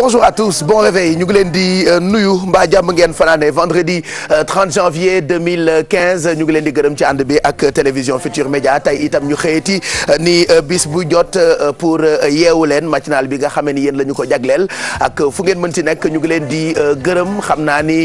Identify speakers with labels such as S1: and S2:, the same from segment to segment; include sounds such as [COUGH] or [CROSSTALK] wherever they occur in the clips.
S1: bonjour à tous bon réveil ñu ngi leen di euh, nuyu mba jàmm ngeen fanaane vendredi 30 euh, janvier 2015 ñu ngi leen di gërëm ci ànd bi ak télévision Futur Média tey itam ñu xëyati euh, ni bis bu jot pour yeewu leen matinal bi nga xamee ni yéen lañu ko jagleel ak fu ngeen mën si nekk ñu ngi leen di gërëm xam naa ni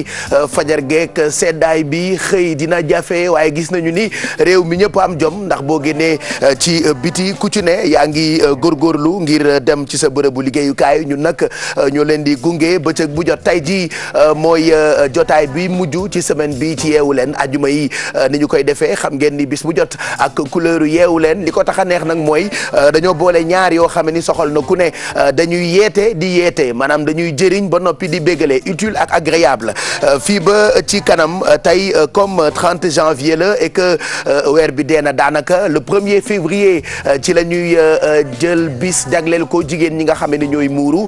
S1: fajar geek seddaay bi xëy dina jafe waaye gis nañu ni réew mi ñëpp am jom ndax boo génnee ci biti ku ci ne yaa ngi góorgóorlu ngir dem ci sa bërëbu liggéeyukaay ñun nag ñu leen di gunge bëccëg bu jot tey jii euh, mooy euh, jotaay bi mujj ci semaine bi ci yeewu leen ajuma yi euh, ni ñu koy defee xam ngeen ni bis bu jot ak couleur yeewu leen li ko tax a neex nag mooy dañoo boole ñaar yoo xam ni soxal na ku ne dañuy yeete di yeete maanaam dañuy jëriñ ba noppi di bégale utile ak agréable fii ba ci kanam tey comme 30 janvier la et que weer bi dee na daanaka le premier février ci la ñuy jël bis jagleel ko jigéen ñi nga xam ne ñooy muuru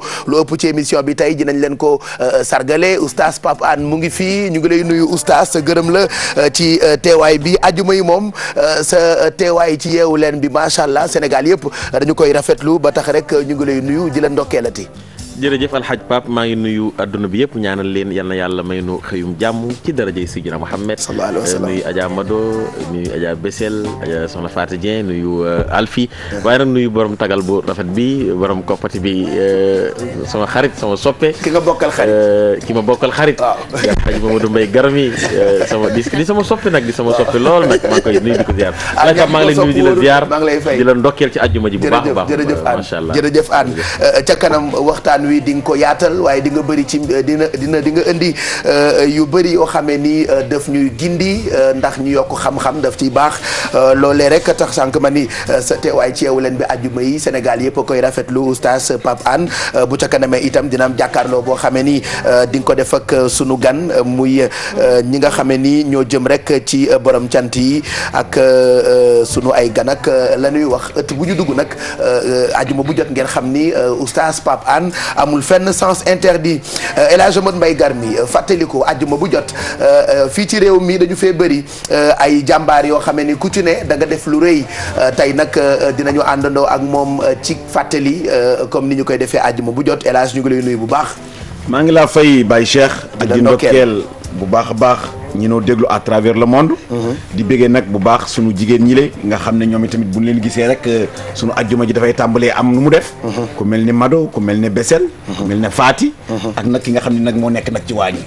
S1: ci émission bi tey dinañ leen ko euh, sargale oustaz Pape Hann mu ngi fii ñu ngi lay nuyu oustaz gërëm la euh, ci euh, teewaay bi ajuma yi moom sa teewaay ci yeewu leen bi macha allah Sénégal yëpp dañu koy rafetlu ba tax rek ñu ngi lay nuyu di la ti
S2: jërëjëf alxaj Pape maa ngi nuyu adduna bi yëpp ñaanal leen yal na yàlla may nu xëyum jàmm ci darajay Sidina Mohamed nuyu Adja Mado nuyu Adja Bessel Adja Soxna Fatou Dieng nuyu euh, Alfi waaye nag nuyu borom tagal bu rafet bi borom koppati bi euh, sama xarit sama soppe ki nga bokkal xarit euh, ki ma bokkal xarit alxaj Mamadou Mbaye Garmi sama di sama soppe di sama soppe lool nag maa ngi koy nuyu di ko ziar [LAUGHS] alxaj maa ngi lay nuyu di la ziar a baax
S1: ca kanam waxtaan waxtaan wi di nga ko yaatal waaye di nga bëri ci euh, dina dina di nga indi euh, yu bëri yoo xamee nii euh, daf ñuy gindi ndax ñu yokk xam-xam daf ci baax loolee rek tax sànq ma ni sa teewaay ci Yeewu Leen bi àjjuma yi Sénégal yëpp koy rafetlu oustaz Pape Hann bu ca kanamee itam dina am jàkkaarloo boo xamee ni di nga ko def ak sunu gan muy ñi nga xamee nii ñoo jëm rek ci borom cant yi ak sunu ay gan ak wax ëtt bu ñu dugg nag àjjuma bu jot ngeen xam ni oustaz Pape Hann amul fenn sens interdit euh, El Hadj Amadou Mbaye Garmi euh, fàttaliku àjjuma bu jot euh, fii ci réew mi dañu fee bëri ay jàmbaar yoo xamee ni ku ci ne da nga def lu rëy tey nag dinañu àndandoo ak moom ci fàttali comme ni ñu koy defee àjjuma bu jot élage Hadj ñu ngi lay nuyu bu baax.
S3: maa ngi
S2: laa fay Baye Cheikh. ak ndokkeel bu baax a baax ñi noo déglu à travers le monde. Mhm. di bëggee nag bu baax sunu jigéen ñi le nga xam ne ñoom itamit bu ñu leen gisee rek euh, sunu ajjuma ji dafay tàmbalee am nu mu def. Mhm. ku mel ni Mado ku mel ne Besel. ku mhm. mel ne Faati. ak nag ki nga xam ne nag moo nekk nag ci waañ yi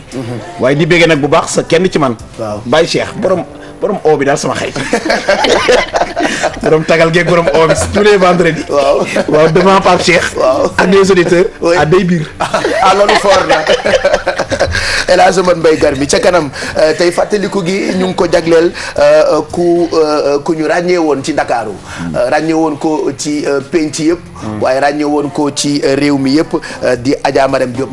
S2: waaye di bëggee nag bu baax sa kenn ci man. waaw Baye Cheikh borom. borom oo bi daal sama xay [LAUGHS] borom tagal geeg borom oo bi tous les vendredis.
S1: waaw waaw devant Pape Cheikh. waaw ak des auditeurs. à [LAUGHS] [LAUGHS] El Hadj Oumar Mbaye Garmi ca kanam euh, tey fàttaliku gi ñu ngi ko jagleel euh, euh, ku ku ñu ràññee woon ci Ndakaaru mm. ràññee woon ko ci penc yëpp mm. waaye ràññee woon ko ci réew mi yëpp di Adja Marème Diop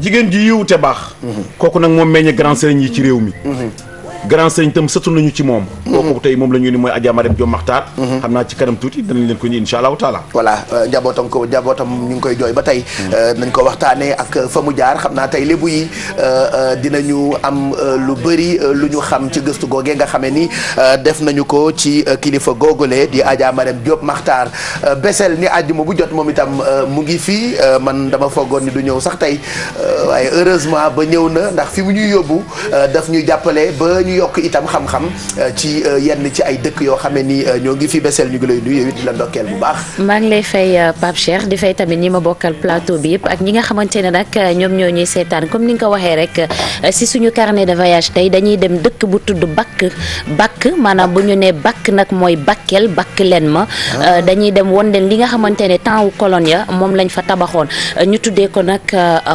S2: jigéen ji yiw te baax mm-hmm. kooku nag moom meññe grand sëriñ yi ci réew mi mm-hmm. grand sëñ tam sëtu nañu ci moom mhm. kooku tey moom la ñu ni mooy Adja Marème Maxtaar mhm. xam naa ci kanam tuuti danañ leen ko ni insha
S1: allahu taala voilà euh, njabootam ko njabootam ñu ngi koy jooy ba tey mhm. euh, nañ ko waxtaanee ak fa mu xam naa tey lébu yi euh, dinañu am lu bëri lu ñu xam ci gëstu googee nga xamee ni def nañu ko ci kilifa googole di Adja Marème Diop Maxtaar Bessél ni àjjuma bu jot moom itam mu ngi fii man dama foogoon ni du ñëw sax tey waaye heureusement ba ñëw na ndax fi mu ñuy yóbbu daf ñuy jàppale ba ñu ñuy yokk itam xam-xam euh, ci euh, yenn ci ay dëkk yoo xam ne ni euh, ñoo ngi fi beseel ñu ngi lay nuyu yow la ndokkeel bu baax.
S4: maa ngi lay fay Pape Cheikh di fay tamit ñi ma bokkal plateau bi yëpp ak ñi nga xamante ne nag ñoom ñoo ñuy seetaan comme ni nga ko waxee rek si suñu carnet de voyage tey dañuy dem dëkk bu tudd bakk bakk maanaam bu ñu nee bakk nag mooy bakkeel bakk leen ma. Ah. dañuy dem won leen li nga xamante ne temps wu colon ya moom lañ fa tabaxoon ñu tuddee ko nag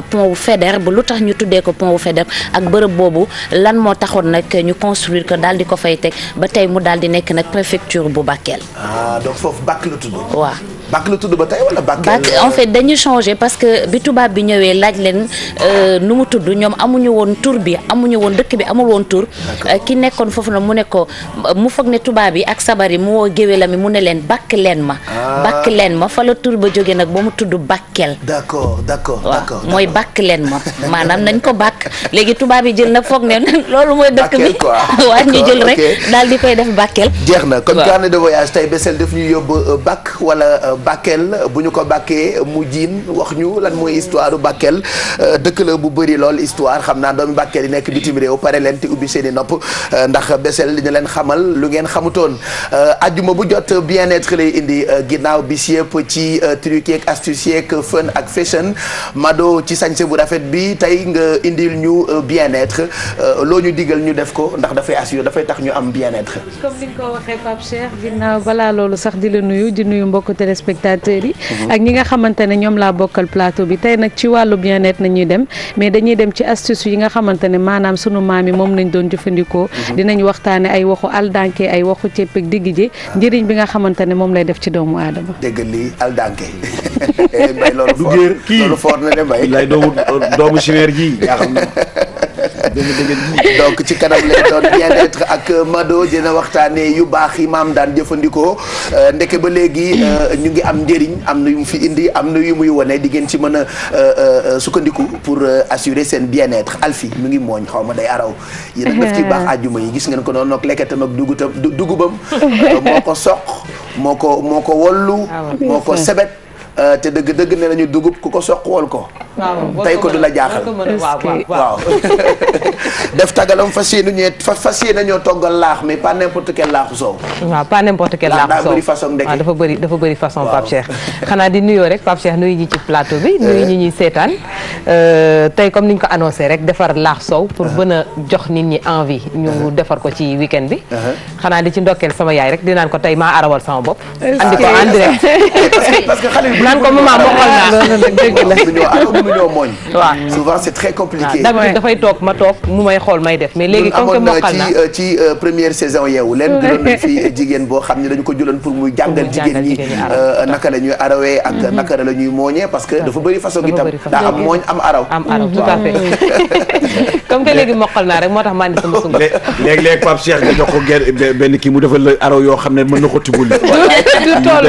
S4: pont wu Faidherbe bu lu tax ñu tuddee ko pont bu Faidherbe ak bërëb boobu lan moo taxoon nag. ñu construire ko daal di ko fay teg ba tey mu daal di nekk nag préfecture bu Bakel.
S1: ah donc foofu Bakel la tudd. waaw. bàkk la tudd ba tey wala bàkk en fait
S4: dañu changé parce que bi tubaab bi ñëwee laaj leen euh, nu mu tudd ñoom amuñu woon tur bi amuñu woon dëkk bi amul woon tur euh, ki nekkoon foofu na mu ne ko mu foog ne tubaab yi ak sabar yi mu woo la mi mu ne leen bàkk leen ma ah. bàkk leen ma fa la tur ba jógee nag ba mu tudd bàkkeel d'accord
S1: d'accord waaw mooy
S4: bàkk leen ma [LAUGHS] maanaam nañ ko bàkk léegi tubaab yi jël nag foog ne [LAUGHS] loolu mooy dëkk bi [LAUGHS] waaw ñu jël rek daal di koy def bàkkeel jeex na kon
S1: carnet de voyage tey Bessel daf ñuy euh, Bakel bu ñu ko bàkkee mu jiin wax ñu lan mooy histoire Bakel euh, dëkk la bu bëri lool histoire xam naa doomi Bakel yi nekk bitim réew pare leen te ubbi seen i nopp euh, ndax Bessél dina leen xamal lu ngeen xamutoon ajjuma euh, bu jot bien-être lay indi ginnaaw bi bis yëpp ci truc yeeg astuce yeeg fun ak fashion Mado ci sañse bu rafet bi tey nga indil ñu bien-être loo ñu digal ñu def ko ndax dafay assurer dafay tax ñu am bien-être
S5: comme ni nga ko waxee téléspectateurs yi. Mhm. ak ñi nga xamante ne ñoom laa bokkal plateau bi tey nag ci wàllu bien-être nañuy dem mais dañuy dem ci astuce yi nga xamante ne maanaam sunu maam yi moom nañ doon jëfandikoo. Mhm. dinañ waxtaane ay waxu aldanke ay waxu ceeb ak digg ji ah. njëriñ bi nga xamante ne moom lay def ci doomu aadama.
S1: dégg lii aldanke. [LAUGHS] Eh, bay loolu fort [LAUGHS] du géer kii loolu ji [LAUGHS] donc ci kanam lay doon bien-être ak Mado dina waxtaanee yu baax yi maam daan jëfandikoo euh, ndeke ba léegi euh, ñu ngi am njëriñ am na yu mu fi indi am na yu muy wane di ngeen ci mën a euh, sukkandiku pour assurer seen bien-être Alfi mu ngi mooñ xaw ma day araw yi nag daf ciy baax àjjuma yi gis ngeen ko noonu nag lekkatam ak dugutam dugubam [LAUGHS] moo ko soq moo ko moo ko wollu ah moo ko sebet Euh, te dëgg dëgg ne nañu dugub ku ko soq wol ko tey ko du la jaaxal waaw [LAUGHS] def tagalam fa yéene ñee fas yéene ñoo toggal
S5: laax mais pas n'importe
S1: quel laaxu soow
S5: waaw pas n'importe quel laaxu soow waaw dafa bëri dafa bëri façon Pape Cheikh xanaa di nuyoo rek Pape Cheikh nuyu ñi ci plateau bi nuyu ñi ñuy seetaan euh, tey comme ni ko annoncé rek defar laax soow pour bën uh-huh. jox nit ñi envie ñu uh-huh. defar ko ci weekend bi uh-huh. xanaa di ci ndokkeel sama yaay rek dinaan ko tey maa arawal sama bopp ko en direct
S1: [LAUGHS] parce que naan ko maman ma xool naa loolu nag mu mënoo mooñ waaw souvent c'est très compliqué
S5: dafay toog ma toog mu may xool may def mais léegi comme que mokkal na
S1: euh, euh, saison yeewu leen [LAUGHS] jigéen boo xam ne dañu ko jëloon pour muy jàngal jigéen ñi euh, naka la ñuy arawee ak mhm. naka la ñuy mooñee parce que dafa bëri façon itam daa am mooñ am araw am
S5: araw mhm. tout à fait mhm. [LAUGHS] comme que léegi mokkal naa rek moo tax maa ni sama sumb
S6: léeg-léeg Pape Cheikh nga jox ko genn benn kii mu defal la araw yoo xam ne mën na ko tibul
S5: [LAUGHS] du tool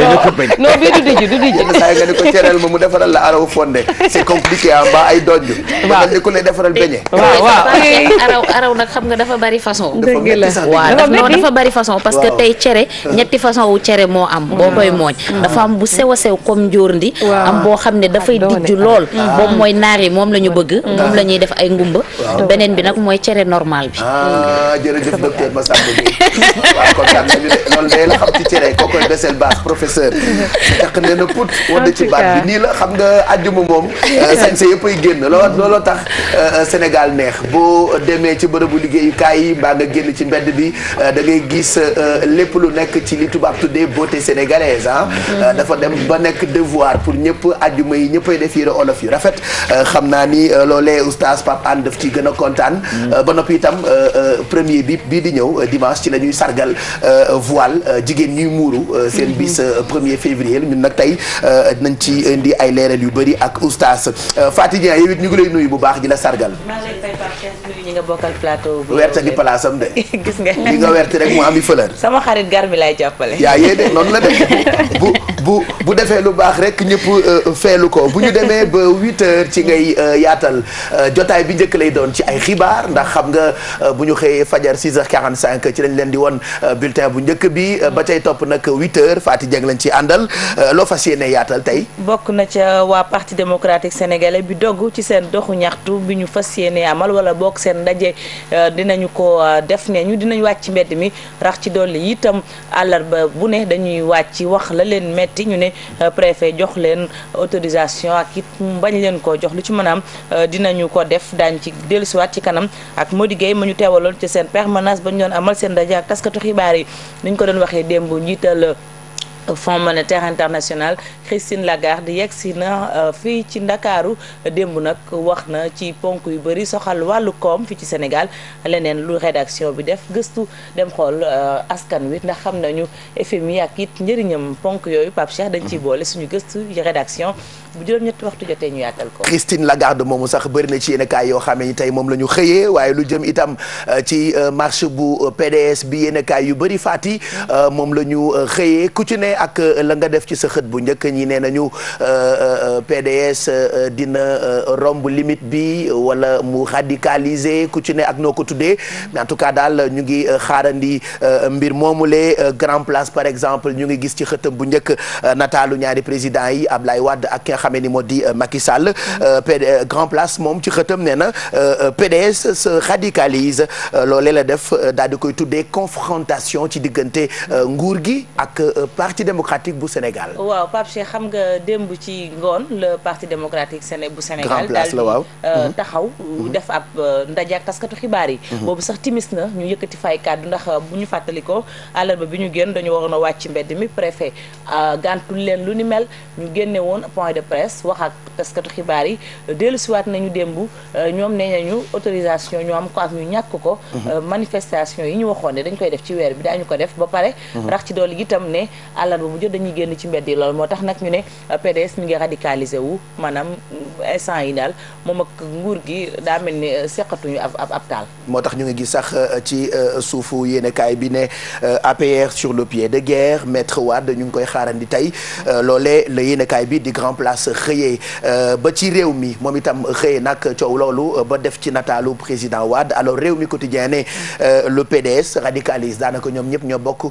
S1: non bii du dijji du dijji laay nga ni ko cereel ma mu defaral la araw fonde c'est compliqué ah mbaa ay dojj waaw ni ku lay defaral beñe eh, waaw
S7: waaw
S4: araw araw nag xam nga dafa bari façon dëgg la waaw dafa bari façon parce que tey cere ñetti façon wu cere moo am boo mm. koy mooñ mm. dafa am bu sew a sew comme njóorndi am boo xam ne dafay dijju lool mm. boobu mooy naar yi moom la ñu bëgg moom la ñuy def ay ngumba beneen bi nag mooy cere normal bi ah,
S1: jërëjëf docteur [LAUGHS] waaw kon kat loolu day la xam ci cere koo koy desel baas professeur daq [LAUGHS] ne na put wanda ci baat bi nii la xam nga àjjuma moom [LAUGHS] euh, sañse yëpp ay génn lool looloo tax euh, euh, Sénégal neex boo demee ci bërëbu liggéeyukaay yi mbaa nga génn ci mbedd bi da ngay gis lépp lu nekk ci li tubaab tuddee beauté sénégalaise ah mm-hmm. dafa dem ba nekk devoir pour ñëpp àjjuma yi ñëppay def yére olof yi rafet xam naa ni loolee oustaz Pape Anne daf ci gën a kontaan mm-hmm. ba noppi itam premier bi bii di ñëw dimanche ci la ñuy sargal Sénégal euh, voile euh, jigéen ñuy muuru euh, seen bis 1er février ñun nag tey nañ ci indi ay leeral yu bëri ak oustaz Faty Dieng yow ñu ngi lay nuyu bu baax di la sargal.
S5: nuyu ñi nga bokkal plateau. bu werte di place [LAUGHS] rek mu ami fëlër. [LAUGHS]
S1: lu euh, euh, ko bu ñu demee ba huit heures ci ngay euh, yaatal jotaay bi njëkk lay doon ci ay xibaar ndax xam nga bu ñu xëyee fajar six heures quarante ci lañ leen di won bulletin bu njëkk bi. ba cay topp nag huit heures Fati Dieng ci àndal loo fas yéene yaatal tey.
S5: bokk na ca waa parti démocratique sénégalais bi dogg ci seen doxu ñaxtu bi ñu fas yéene amal wala bokk seen euh, dina ñu ko euh, def ne ñu dinañ ci mbedd mi rax ci dolli itam àllarba bu ne dañuy ci wax la leen metti ñu ne euh, préfet jox leen autorisation ak it bañ leen koo jox lu ci mën a am dinañu ko def daan ci dellusiwaat ci kanam ak Mody Gueye ma ñu teewaloon ci seen permanence ba ñu doon amal seen ndaje ak taskatu xibaar yi niñ ko doon waxee démb njiital Fonds monétaire international Christine Lagarde yegg si na euh, fii ci ndakaaru démb nag wax na ci ponk yu bëri soxal wàllu koom fi ci Sénégal leneen lu rédaction bi def gëstu dem xool euh, askan wi ndax xam nañu FMI ak it njëriñam ponk yooyu Pape Cheikh dañ ciy mhm. boole suñu gëstu yi rédaction bu juróom-ñetti waxtu jotee ñu yaatal ko.
S1: Christine Lagarde moomu sax bëri na ci yenn kaay yoo xam ne tey moom la ñu xëyee waaye lu jëm itam euh, ci marche bu PDS bi yenn kaay yu bëri fàtti mhm. moom la ak euh, la nga def ci sa xët bu njëkk ñi nee nañu euh, euh, PDS dina romb limite bi wala mu radicaliser ku ci ne ak noo ko tuddee mais en tout cas daal ñu ngi xaarandi mbir moomulee grand place par exemple ñu ngi gis ci xëtam bu njëkk nataalu ñaari président yi Ablaye wadd ak ki nga xamee ni moo di Macky Sall grand place moom ci xëtam nee na PDS se radicalise loolee la def daal di koy tuddee confrontation ci diggante nguur gi ak parti parti démocratique bu
S5: waaw Pape xam nga démb ci ngoon le parti démocratique bu Sénégal. daal di euh, mhm. taxaw. Mhm. def ab euh, ndaje ak taskatu xibaar yi. Mhm. boobu sax timis na ñu yëkkati fay kàddu ndax euh, bu ñu fàttalikoo àllarba bi ñu génn dañu waroon a wàcc mbedd mi préfet gàntul leen lu ni mel ñu génne woon point de presse wax ak taskatu xibaar yi dellusiwaat nañu démb ñoom nee ñu autorisation ñu am ko ak ñu ñàkk ko. manifestation yi ñu waxoon ne dañ koy def ci weer bi daañu ko àllarba bu jot dañuy génn ci mbedd yi lool moo tax nag ñu ne PDS mi ngi radicalisé wu maanaam instant yi daal moom ak nguur gi daa mel ni euh, seqatuñu ab ab taal.
S1: moo tax ñu ngi gis sax euh, ci euh, suufu yéenekaay bi ne APR sur le pied de guerre maître Wade ñu ngi koy di tey loolee la yéenekaay bi di grand place xëyee ba ci réew mi moom itam xëyee nag coow loolu ba def ci nataalu président Wade alors réew mi quotidien ne le PDS radicalise daanaka ñoom ñëpp ñoo bokk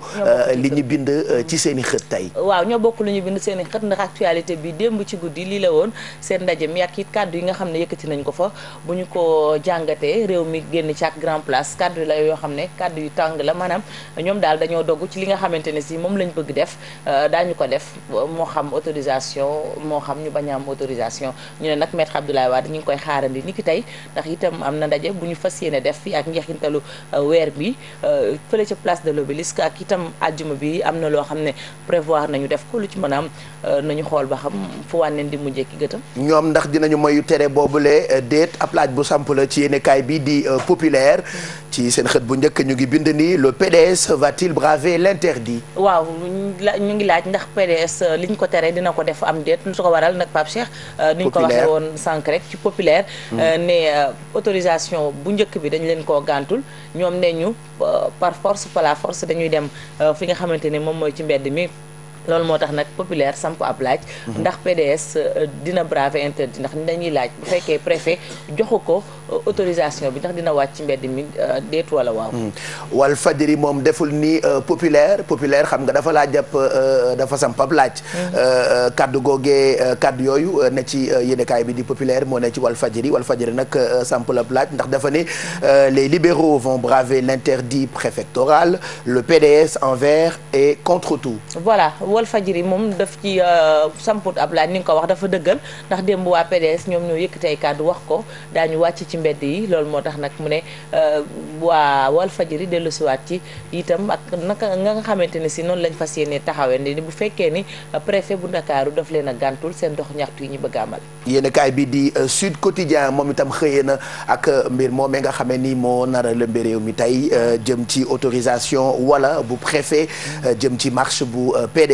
S1: li ñu bind ci seeni xët tey
S5: waaw ñoo bokk lu ñu bind seen i xët ndax actualité bi démb ci guddi lii la woon seen ndaje mi ak it kàddu yi nga xam ne yëkkati nañ ko fa bu ñu ko jàngatee réew mi génn ci ak grand place kàddu la yoo xam ne kàddu yu tàng la maanaam ñoom daal dañoo dogg ci li nga xamante ne si moom lañ bëgg def euh, daañu ko def moo xam autorisation moo xam ñu bañ am autorisation ñu ne nag maître Abdoulaye Wade ñu ngi koy xaarandi ni ki tey ndax itam am na ndaje bu ñu fas yéene def fii ak njeexintalu euh, weer bi euh, fële ca place de l'obélisque ak itam àjjuma bi am na loo xam ne prévoir nañu def ko lu ci mën a am euh, nañu xool ba xam fu wànneen di mujjee ki gëtam
S1: ñoom ndax dinañu mayu tere boobule euh, déet ab laaj bu samp la ci yéenekaay bii di euh, populaire ci seen xët bu njëkk ñu ngi bind ni le PDS va-t-il braver l'interdit
S5: waaw ñu ngi laaj ndax PDS liñ ko tere dina ko def am déet lu su ko waral nag Pape Cheikh ni ko waxee woon sànq rek ci populaire hmm. ne autorisation bu njëkk bi dañ leen koo gàntul ñoom ne ñu par force par la force dañuy dem fi nga xamante ne moom mooy ci mbedd mi loolu moo tax nag populaire samp ab laaj. Mhm. ndax PDS euh, dina braver interdit ndax dañuy laaj bu fekkee préfet joxu ko euh, autorisation bi ndax dina wàcc ci mbedd mi euh, déet wala waaw.
S1: Mhm. wal fajiri moom deful ni populaire populaire xam nga dafa laaj ab dafa samp ab laaj. Mhm. kaddu googee kaddu yooyu na ci yéenekaay bi di populaire moo na ci wal fajiri wal fajiri nag samp ab laaj ndax dafa ne les libéraux von braver l'interdit préfectoral le PDS envers et contre tout.
S5: voilà. Walfadjri moom daf ci euh, samput ab laaj ni nga ko wax dafa dëggal ndax démb waa PDS ñoom ñoo yëkkati ay kàddu wax ko daañu wàcc ci mbedd yi loolu moo tax nag mu ne euh, waa Walfadjri dellusiwaat ci itam ak naka nga nga xamante ne si noonu lañ fas yéene taxawee ni bu fekkee ni euh, préfet bu Ndakaaru daf leen a gàntul seen dox ñaxtu yi ñu bëgg a amal.
S1: yéen kaay bi di Sud Quotidien moom itam xëyee na ak mbir moom mi nga xamee ni moo nar la lëmbe réew mi tey jëm ci autorisation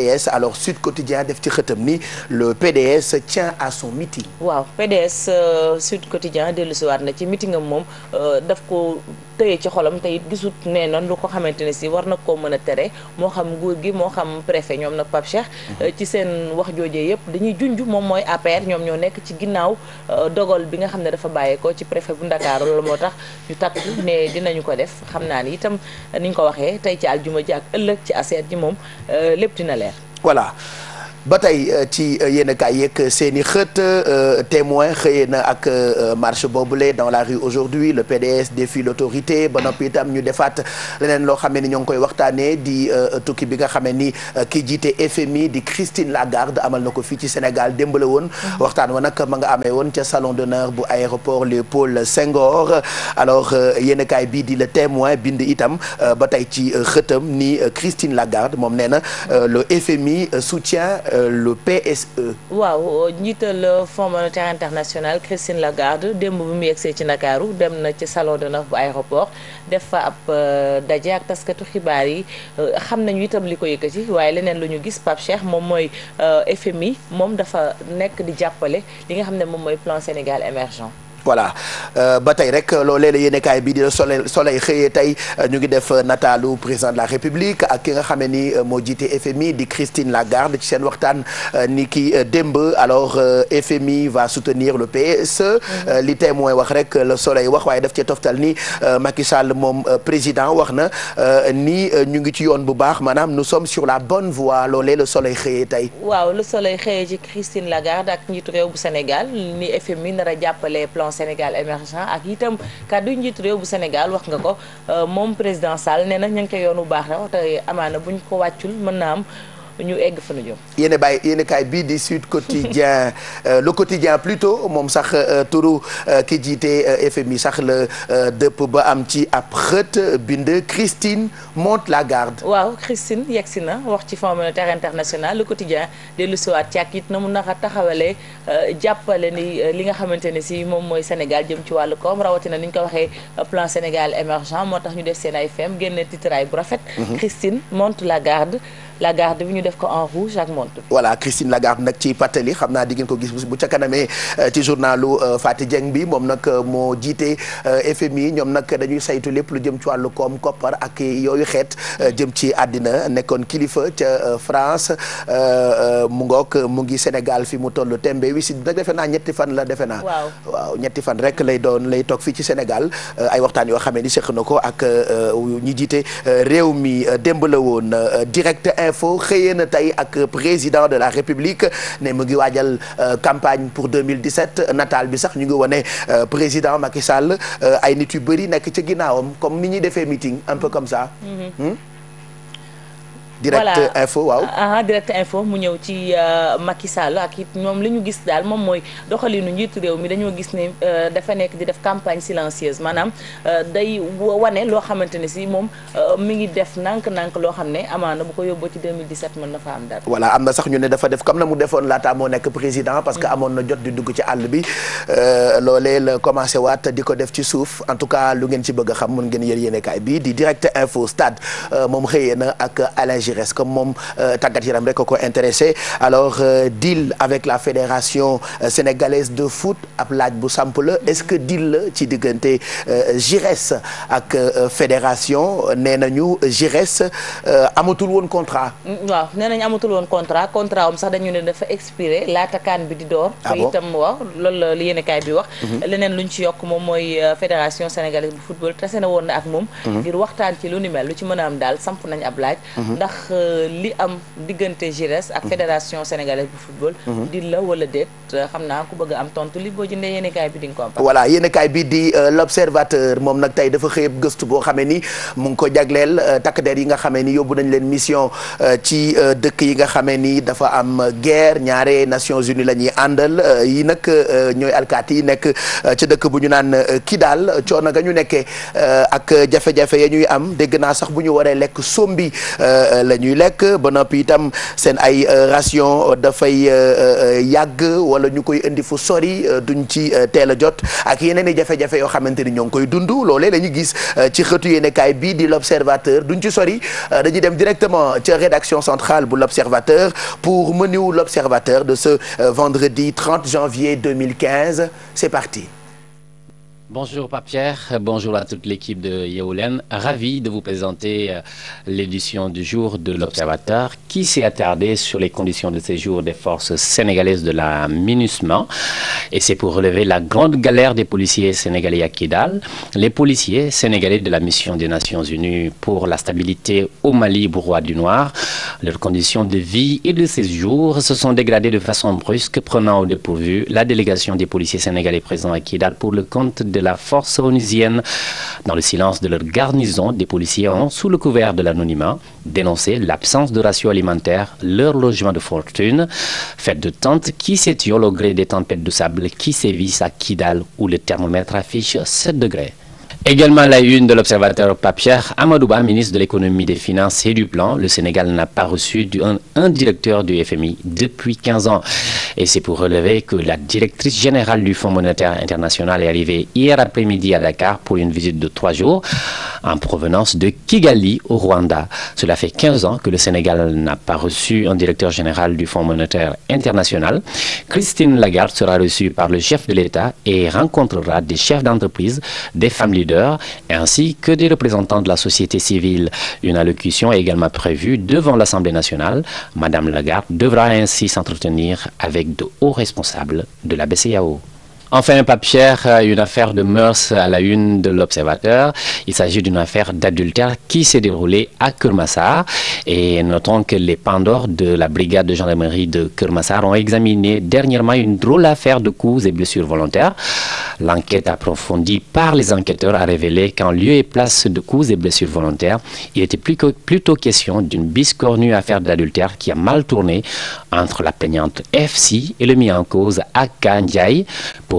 S1: PDS alors Sud Quotidien def ci xëtam ni le PDS tient à son meeting.
S5: waaw PDS euh, Sud Quotidien dellusiwaat na ci meeting moom euh, daf ko tëye ci xolam te it gisut nee noonu lu ko xamante ne si war na koo mën a tere moo xam nguur gi moo xam préfet ñoom nag Pape Cheikh mhm. euh, ci seen wax joojee yëpp dañuy junj moom mooy APR ñoom ñoo nekk ci ginnaaw euh, dogal bi nga xam ne dafa bàyyeekoo ci préfet bu Ndakaaru loolu moo tax ñu takk ne dinañu ko def xam naa ni itam niñ ko waxee tey ci aljuma ji ak ëllëg ci aseet ji moom euh, lépp dina leer
S1: voilà ba tey euh, ci euh, yéen a kaay seen i xët euh, témoin xëyee na ak marche boobule dans la rue aujourd'hui le PDS défie l'autorité ba noppi itam ñu defaat leneen loo xamee ni ñoo ngi koy waxtaane di tukki bi nga xamee ni ki jiite FMI di Christine Lagarde amal na ko fii ci Sénégal démb la woon mm-hmm. waxtaan wa nag ma nga amee woon ca salon d'honneur bu aéroport Léopold Senghor alors yéen a kaay bii di le témoin bind itam ba tey ci xëtam ni Christine Lagarde moom nee na le FMI soutient Euh, le PSE.
S5: waaw njiital euh, Fonds monétaire international Christine Lagarde démb bi mu yegsee ci Ndakaaru dem na ci salon d'honneur bu aéroport def fa ab euh, daje ak taskatu xibaar yi xam nañu itam li ko yëkkati waaye leneen lu ñu gis Pape Cheikh moom mooy FMI moom dafa nekk di jàppale li nga xam ne moom mooy plan Sénégal émergent.
S1: voilà euh, ba tey rek loolee la yéenekaay bi di la soleil soleil xëyee tey euh, ñu ngi def euh, nataalu président de la république ak ki nga xam ne ni moo jiite FMI di Christine Lagarde ci seen waxtaan ni ki démb alors FMI va soutenir le PSE li témoin wax rek le soleil wax waaye daf cee toftal ni Macky Sall moom président wax na ni ñu ngi ci yoon bu baax maanaam nu sommes sur la bonne voie loolee le soleil xëyee tey.
S5: waaw le soleil xëyee ci Christine Lagarde ak njiitu réew a Sénégal émergent ak itam kàddu njiitu réew bu Sénégal wax nga ko euh, moom président Sall nee na ña ngi ca yoonu baax na te amaana bu ñu ko wàccul mën naa am ñu egg fa nu jëm.
S1: yéen bàyyi yéen kaay bii di Sud Quotidien [LAUGHS] euh, le quotidien plutôt moom sax euh, turu euh, ki jiite FMI sax la dëpp ba am ci ab xët bind Christine monte la garde.
S5: waaw Christine yegsi na wax ci Fonds monétaire international le quotidien dellu si waat càkk na mun na a taxawalee jàppale ni li nga xamante ne si moom mooy Sénégal jëm ci wàllu koom rawatina ni ñu ko waxee plan Sénégal émergent moo tax ñu def seen ay fem génne titraay bu rafet. Mhm. Christine monte la garde. Lagarde bi ñu def ko en rouge ak montre.
S1: voilà Christine Lagarde nag ci pàttali xam naa di ko gis bu ca kanamee euh, ci journalu euh, Fatou Dieng bi moom nag euh, moo jiite FMI ñoom nag dañuy saytu lépp lu jëm ci wàllu koom koppar ak yooyu xeet jëm ci àddina nekkoon kilifa ca France mu ngoog mu ngi Sénégal fi mu toll tembe wi si nag defe naa ñetti fan la defe naa. waaw ñetti fan rek lay doon lay toog fii ci Sénégal ay waxtaan yoo xamee ni seq na ko ak ñi jiite réew mi démb la woon info xëyee na tey ak président de la république ne mu ngi waajal euh, campagne pour 2017 nataal bi sax ñu ngi wone euh, président Macky Sall euh, ay nit yu bëri nekk ca ginnaawam comme ni ñuy defee meeting un peu comme ça. Mm-hmm. Hmm?
S5: direct voilà. info waaw. ah direct info mu ñëw ci euh, Macky Sall ak it moom li ñu gis daal moom mooy doxalinu njiitu réew mi dañoo gis ne euh, dafa nekk di def campagne silencieuse maanaam euh, day wane loo xamante ne si moom mu ngi def nànk-nànk loo xam ne amaana bu ko yóbboo ci 2017 mën na fa am dara.
S1: voilà am na sax ñu ne dafa def comme mu defoon laataa moo nekk président. parce que mm. amoon na jot di dugg ci àll bi. loolee la commencé waat di ko def ci suuf en tout cas lu ngeen ci bëgg a xam mun ngeen yër yéenekaay bi di direct info stade moom xëyee na ak Alain Giresse comme moom euh, tàggat yaram rek ko intéressé alors euh, deal avec la fédération euh, sénégalaise de foot ab laaj bu samp la est-ce que deal la ci diggante Giresse ak fédération nee nañu Giresse amatul woon contrat.
S5: Mm, waaw nee nañu amatul woon contrat contrat am sax dañu ne dafa expiré laata kaan bi di door. ah bon itam waaw loolu la yéenekaay bi wax. Mhm. leneen lu ñu ci yokk moom mooy fédération sénégalaise bu football tase na woon ak moom. Mhm. ngir waxtaan ci lu ni mel lu ci mën a am daal samp nañ ab laaj. Mhm. ndax ndax euh, li am diggante GIRAS ak mhm. fédération sénégalaise bu football. Mhm. di la wala déet euh, xam naa ko bëgg am tontu li boo jëndee yéen kaay bi di nga ko am. voilà yéen kaay
S1: bi di euh, l'observateur moom nag tey dafa xëyëb gëstu boo xamee ni mu ngi ko jagleel takk der yi nga xamee ni yóbbu nañ leen mission ci dëkk yi nga xamee ni dafa am guerre ñaare Nations Unies lañuy ñuy àndal yi nag ñooy alkaati yi nekk ci dëkk bu ñu naan kii daal coono ga ñu nekkee ak jafe-jafe ya ñuy am dégg naa sax bu ñu waree lekk sombi la ñuy lekk ba noppi itam seen ay euh, ration euh, dafay euh, yàgg wala ñu koy indi fu sori duñ ci teel a jot ak yeneen i jafe-jafe yoo xamante ni ñoo ngi koy dund loole la gis ci xëtu yéenekaay bi di l'observateur duñ ci sori dañuy dem directement ca rédaction centrale bu l'observateur pour menu l'observateur de ce vendredi 30 janvier 2015 c'est parti
S3: Bonjour Pierre, bonjour à toute l'équipe de Yeoulen. Ravi de vous euh, de l'Observateur qui s'est attardé de séjour des forces sénégalaises de la MINUSMA. Et c'est pour relever la grande galère des policiers sénégalais à Kidal. Les policiers sénégalais de la mission des Nations Unies pour la stabilité au Mali bourrois du Noir. Leurs conditions de vie et de séjour se sont dégradées de façon brusque, prenant au dépourvu la délégation des policiers sénégalais présents à Kidal pour le compte de la force onusienne. Dans le silence de leur garnison, des policiers ont, sous le couvert de l'anonymat, dénoncé l'absence de ratio alimentaire, leur logement de fortune, fête de tente qui s'étiole au gré des tempêtes de sable qui sévissent à Kidal où le thermomètre affiche 7 degrés. Également la une de l'Observateur Papier, Amadou Ba, ministre de l'économie, des finances et du plan, le Sénégal n'a pas reçu un, un directeur du FMI depuis 15 ans. Et c'est pour relever que la directrice générale du Fonds monétaire international est arrivée hier après-midi à Dakar pour une visite de trois jours en provenance de Kigali au Rwanda. général du Fonds monétaire international. Christine Lagarde sera reçue par le chef de l'État et rencontrera des chefs d'entreprise, des femmes leaders leaders, ainsi que des représentants de la société civile. Une allocution est également prévue devant l'Assemblée nationale. Madame Lagarde devra ainsi s'entretenir avec de hauts responsables de la BCAO. Enfin, Pape Cheikh, une affaire de mœurs à la une de l'Observateur. Il s'agit d'une affaire d'adultère qui s'est déroulée à Kermassar. Et notons que les pandores de la brigade de gendarmerie de Kermassar ont examiné dernièrement une drôle affaire de coups et blessures volontaires. L'enquête approfondie par les enquêteurs a révélé qu'en lieu et place de coups et blessures volontaires, il était plutôt question d'une biscornue affaire d'adultère qui a mal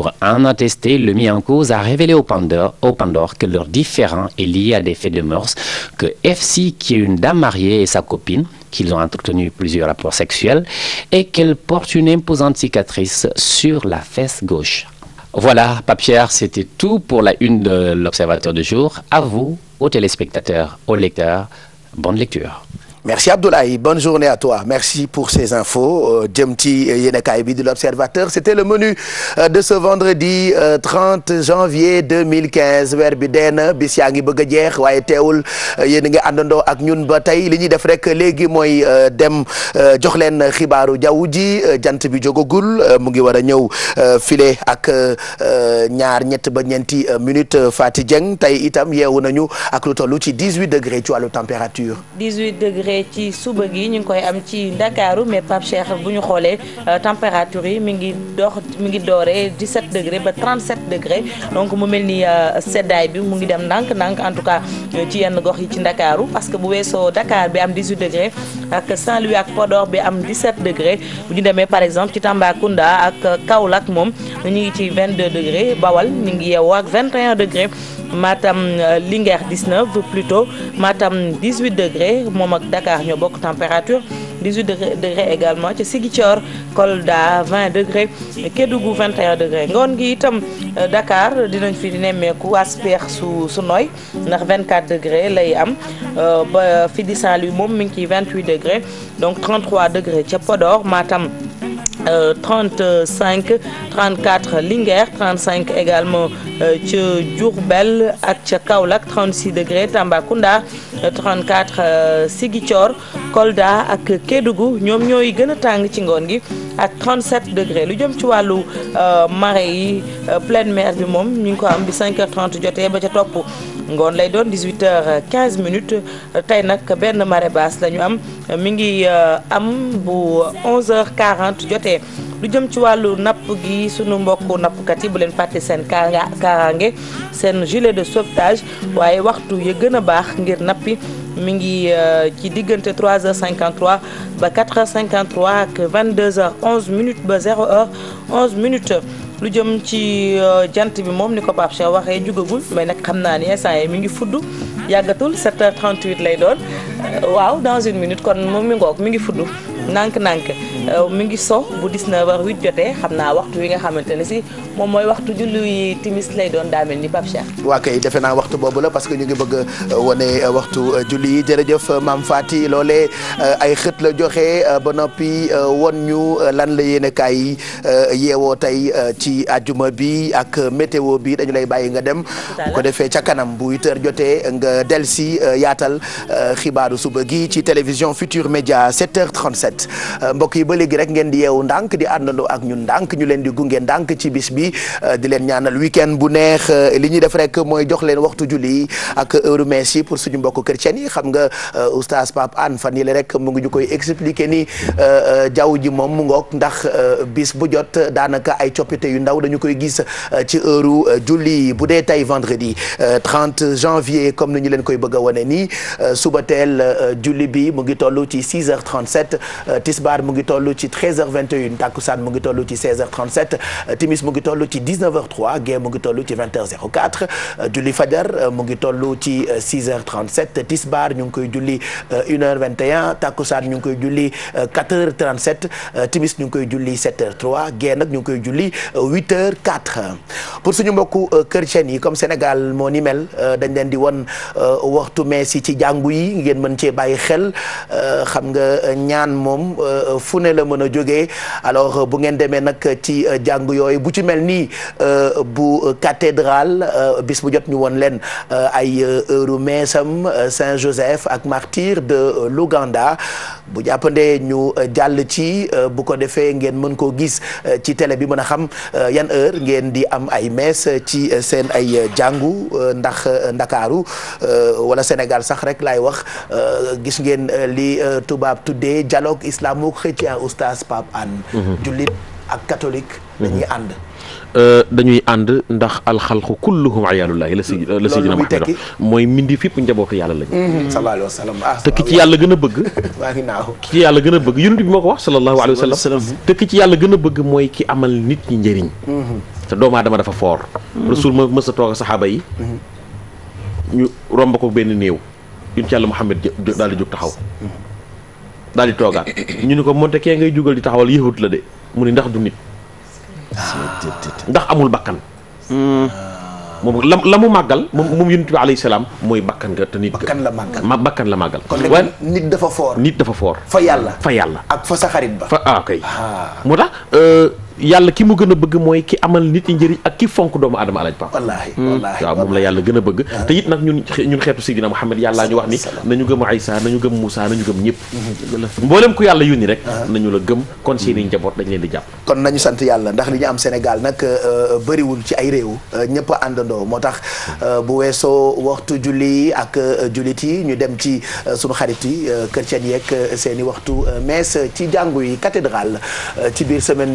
S3: Pour en attester, le mis en cause a révélé au Pandore, au que leur différend est lié à des faits de mœurs, que FC, qui est une dame mariée et sa copine, qu'ils ont entretenu plusieurs rapports sexuels, et qu'elle porte une imposante cicatrice sur la fesse gauche. Voilà, Pierre, c'était tout pour la une de l'Observateur du jour. À vous, aux téléspectateurs, aux bonne lecture.
S1: merci Abdoulaye bonne journée a toi merci pour ces infos euh, jëm ci yéenekaay bi di l'Observateur c'était le menu euh, de ce vendredi 30 euh, janvier 2015 weer bi dee na bis yaa ngi bëgg a jeex waaye teewul yéen a ngi àndandoo ak ñun ba tey li ñuy def rek léegi mooy dem jox leen xibaaru jaww ji jant bi jógagul mu ngi war a ñëw file ak ñaar ñet ba ñeenti minutes Fati Dieng tey itam yeewu nañu ak lu tollu ci 18 degré ci wàllu température
S5: waaye ci suba gi ñu ngi koy am ci Ndakaaru mais Pape Cheikh bu ñu xoolee euh, température yi mi ngi dox mi ngi dooree 17 degré ba 37 degré donc mu mel ni euh, seddaay bi mu ngi dem ndànk-ndànk en tout cas euh, ci yenn gox yi ci Ndakaaru parce que bu weesoo Dakar bi am 18 degré ak Saint-Louis ak Podor bi am 17 degré bu ñu demee par exemple ci Tambacounda ak Kaolack moom ñu ngi ci 22 degré Bawal ñu ngi yeewoo ak 21 degré. Matam Linguère 19 plutôt Matam 18 degré moom ak Dakar ñoo bokk température 18 degré également ci Ziguinchor Kolda 20 degré Kédougou 21 degré ngoon gi itam euh, Dakar dinañ fi nemmeeku aspeex su su nooy ndax 24 degré lay am euh, ba fi di Saint-Louis moom mi ngi ciy 28 degré donc 33 degré ca Podor Matam Euh, euh, cinq 35 34 Linguère 35 également euh, ca Diourbel ak ca Kaolack 36 degré Tambacounda 34 Ziguinchor Kolda ak Kédougou ñoom ñooy gën a tàng ci ngoon gi ak 37 degré lu jëm ci wàllu marée yi pleine mer bi moom ñu ngi ko am bi jotee ba ca topp ngoon lay doon 18 h quinze minutes tey nag benn marée basse la ñu am mi ngi am bu 11 h jotee. waaye lu jëm ci wàllu napp gi sunu mbokku nappkat yi bu leen fàtte seen kaaraange seen gilet de sauvetage waaye waxtu ya gën a baax ngir nappi mi ngi euh, ci diggante 3h53 ba 4h53 ak 22h11 minutes ba 0h11 minutes lu jëm ci euh, jant bi moom ni ko Pape Cheikh waxee jugagul mais nag xam naa ni instant yi mi ngi fudd yàggatul 7h38 lay doon euh, waaw dans une minute kon moom mi ngoog mi ngi fudd nànk-nànk euh, mi ngi so bu 19 heures 8 jotee xam naa waxtu wi nga xamante ne si moom mooy waxtu julli timis lay doon daa ni Pape Cheikh
S1: waa kay defe naa waxtu boobu la parce que ñu ngi bëgg euh, wane euh, waxtu julli yi jërëjëf maam faati loole ay xët la joxe ba noppi won ñu lan la yéene kaay yeewoo tey ci ajuma bi ak météo bi dañu lay bàyyi nga dem ko defee ca kanam bu 8 jotee nga si yaatal xibaaru suba gi ci télévision Futur Média 7h37 Euh, mbokk yi ba léegi rek ngeen di yeew ndànk di àndandoo ak ñun ndànk ñu leen di gunge ndànk ci bis bi euh, di leen ñaanal weekend bu neex euh, li ñuy def rek mooy jox leen waxtu julli ak heure messe yi pour suñu mbokk chrétien yi xam nga oustaz Pape Anne fan yi la rek mu ngi ñu koy expliquer ni jaww ji moom mu ngook ndax bis bu jot daanaka ay coppite yu ndaw dañu koy gis ci heure julli bu dee tey vendredi 30 janvier comme ni ñu leen koy bëgg a wane nii suba teel julli bi mu ngi toll ci 6 h Euh, Tisbar mu ngi toll ci 13h21 Takusaan mu ngi toll ci 16h37 euh, Timis mu ngi toll ci 19h03 mu ngi toll ci 20h04 euh, Julli Fajar mu ngi toll ci 6h37 Tisbar ñu ngi koy julli 1h21 Takusaan ñu ngi koy julli 4h37 Timis ñu ngi koy julli 7h03 Gee nag ñu ngi koy julli 8h04 pour suñu mbokku chrétiens yi comme Sénégal moo ni mel dañ leen di won waxtu mees yi ci jàngu yi ngeen mën cee bàyyi xel xam nga ñaan moom euh, euh, fu ne la mën a jógee alors euh, bu ngeen demee nag ci jàngu yooyu bu ci mel nii bu cathédrale bis bu jot ñu woon leen ay heure meesam Saint-Joseph ak martyr de l'Ouganda bu jàppandee ñu jàll ci bu ko defee ngeen mën koo gis ci tele bi mën a xam yan heure ngeen di am ay mees ci seen ay jàngu ndax Ndakaaru wala Sénégal sax rek laay wax gis ngeen li tubaab tuddee dialogue ak islam moo chrétien oustaz Pape Hann mhm. jullit ak catholique mhm. ànd
S2: euh, dañuy ànd ndax alxalqu kulluhum ayaalullahi la si la si dina Muhammad mooy mindi fépp njabootu yàlla lañu
S1: mhm. sallallahu alayhi wa sallam ah, te ki ci yàlla gën a bëgg [LAUGHS]
S2: ki ci yàlla gën a bëgg yonent bi moo ko wax sallallahu alayhi wa sallam ci yàlla gën a bëgg mooy ki amal nit ñi njëriñ te doomu aadama dafa foor rasul ma mës a toog saxaaba yi ñu romb ko benn néew yonent yàlla Muhammad daal di jóg taxaw daal di toogaat ñu ni ko monte kee ngay jugal di taxawal yéexut la de mu ni ndax du nit ndax amul bakkan moom la la mu màggal moom moom yonent bi alayhi salaam mooy bàkkan nga te nit bakkan la màggal ma bakkan la màggal kon nag nit dafa foor nit dafa foor fa yàlla fa yàlla ak fa sa xarit ba fa ah, ah. moo tax euh, yàlla ki mu gën a bëgg mooy ki amal nit ñi njëriñ ak ki fonk doomu aadama alaj pam
S8: hmm.
S2: wallaahi waaw moom la yàlla gën a bëgg ah. te it nag ñun ñun xeetu Seydina Muhammad yàllaa ñu wax ni nañu gëm Aïssa nañu gëm Moussa nañu gëm ñëpp mm-hmm. mboolem ku yàlla yónni rek ah. nañu la gëm kon seeni njaboot dañ leen di jàpp
S1: kon nañu sant yàlla ndax li ñu am Sénégal nag euh, bëriwul ci ay réew euh, ñëpp àndandoo moo tax euh, bu weesoo waxtu julli ak jullit yi ñu dem ci sunu xarit yi chrétiens yeeg seeni waxtu messe ci jàngu yi cathédrale ci biir semaine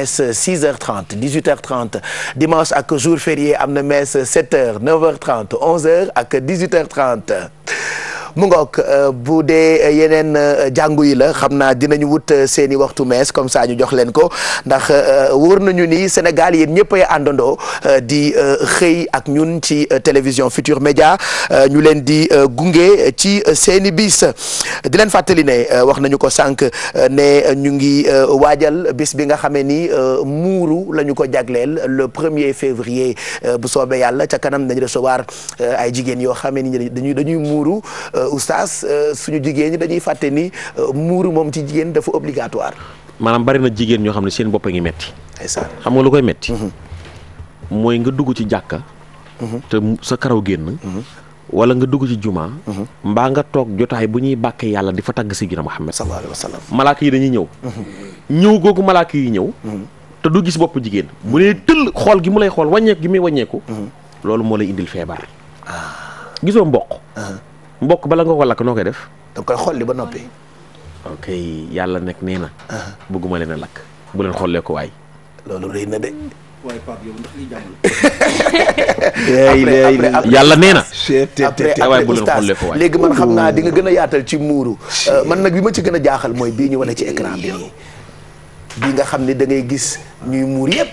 S1: messe 6h30 18h30 dimanche ak jour férié am na messe 7h 9h30 11h ak 18h30 mu ngoog euh, bu dee euh, yeneen euh, jàngu yi la xam naa dinañu wut seeni waxtu mees comme ça ñu jox leen ko ndax wóor nañu ni Sénégal yéen ñëpp ay àndandoo di xëy ak ñun ci télévision Futur Média ñu leen di gunge ci seen i bis di leen fàttali ne wax nañu ko sànq ne ñu ngi waajal bis bi nga xamee ni muuru la ñu ko jagleel le premier février bu soobee yàlla ca kanam dañu recevoir ay jigéen yoo xamee ni dañuy muuru Euh, oustaz euh, suñu jigéen ñi dañuy fàtte ni euh, muur moom ci jigéen dafa obligatoire.
S2: maanaam bari na jigéen ñoo xam ne seen bopp a ngi metti. xam nga lu koy metti mhm. mooy nga dugg ci jàkka. Mhm. te sa karaw génn. Mhm. wala nga dugg ci jumaa mbaa nga toog jotaay bu ñuy bàkkee yàlla di fa tagg si gina Muhammad sallallahu alayhi wa sallam malaaka yi dañuy ñëw ñëw googu malaaka yi ñëw te du gis bopp jigéen bu nee tëll xool gi mu lay xool wàññeeku gi muy waññeeku loolu moo lay indil feebar ah. gisoo mboq uh-huh. mbokk bala nga ko lakk noo koy def.
S1: da koy xolli ba noppi.
S2: yàlla nekk nee na. Uh-huh. bëgguma leen a lakk bu leen xollee ko waay.
S1: loolu rëy na de. waaye Pape yow ndax liy jàmm
S2: la. [LAUGHS] yàlla nee na. après léegi man xam naa di
S1: nga gën a yaatal ci muuru. Uh, man nag bi ma ci gën a jaaxal mooy bii ñu wane ci écran bi bii nga xam ne
S2: dangay gis ñuy muur yëpp.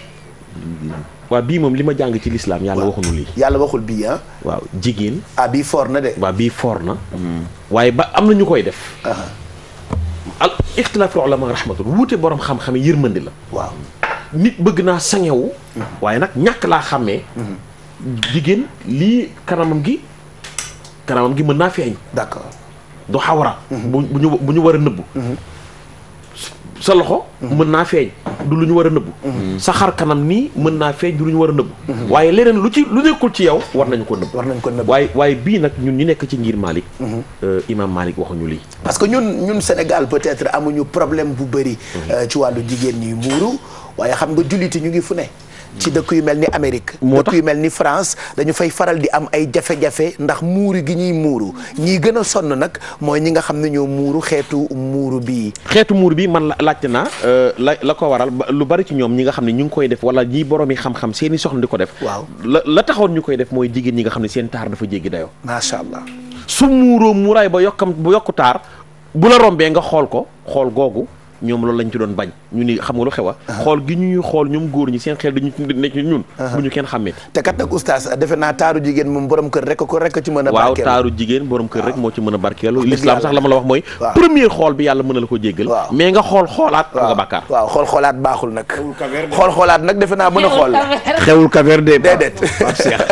S2: Mm-hmm. waa bii moom li ma jàng ci lislaam yàlla waxunu lii yàlla waxul bii ah waaw jigéen ah bii foor na de waaw bii foor na hmm. waaye ba am na ñu koy def ah. al ixtilaafu ulama rahmatul wuute borom xam-xam yi la waaw nit bëgg naa sangewu hmm. waaye nag ñàkk laa xàmmee hmm. jigéen lii kanamam gi kanamam gi mën naa feeñ d'accord du xawra bu bu ñu war a nëbb sa loxo mën naa feeñ du lu ñu war a nëbbu mm-hmm. sa xar kanam nii mën naa feeñ du lu ñu war a nëbbu mm-hmm. waaye leneen lu ci lu nekkul ci yow war nañu ko nëbb war nañ ko nëbb waaye waaye bii nag ñun ñu nekk ci ngir Malick mm-hmm. euh, imam Malick waxuñu lii parce que ñun ñun Sénégal peut-être amuñu problème bu bëri euh, ci wàllu jigéen ñi
S1: muuru waaye xam nga julliti ñu ngi fu ne ci dëkk yu mel ni Amérique. moo tax yu mel ni France dañu fay faral di am ay jafe-jafe ndax muuru gi ñuy muuru ñiy gën a sonn nag mooy ñi nga xam ne ñoo muuru xeetu muuru bii.
S2: xeetu muuru bi man la laajte naa euh, la la ko waral lu bari ci ñoom ñi nga xam ne ñu ngi koy def wala ñi borom yi xam-xam seen i di ko def. waaw la la taxoon ñu koy def mooy jigéen ñi nga xam ne seen taar dafa jéggi dayoo. macha allah su muuroo muuraay ba yokkam bu yokk taar bu la rombee nga xool ko xool googu ñoom loolu lañ ci doon bañ ñu ni xam nga lu xewa xool gi ñuy xool ñoom góor ñi seen xel dañu nekk ñun bu ñu kenn xàmmee te kat nag oustaz defe
S1: naa taaru jigéen moom borom kër rek ko rek ci mën a waaw taaru
S2: jigéen borom kër rek moo ci mën a barkeelu l'islam sax la ma la wax mooy premier xool bi yàlla mën a la ko jéggal mais nga xool xoolaat nga bàkkaar waaw xool xoolaat baaxul nag xool xoolaat nag defe naa mën a xool xewul kaver de déedéet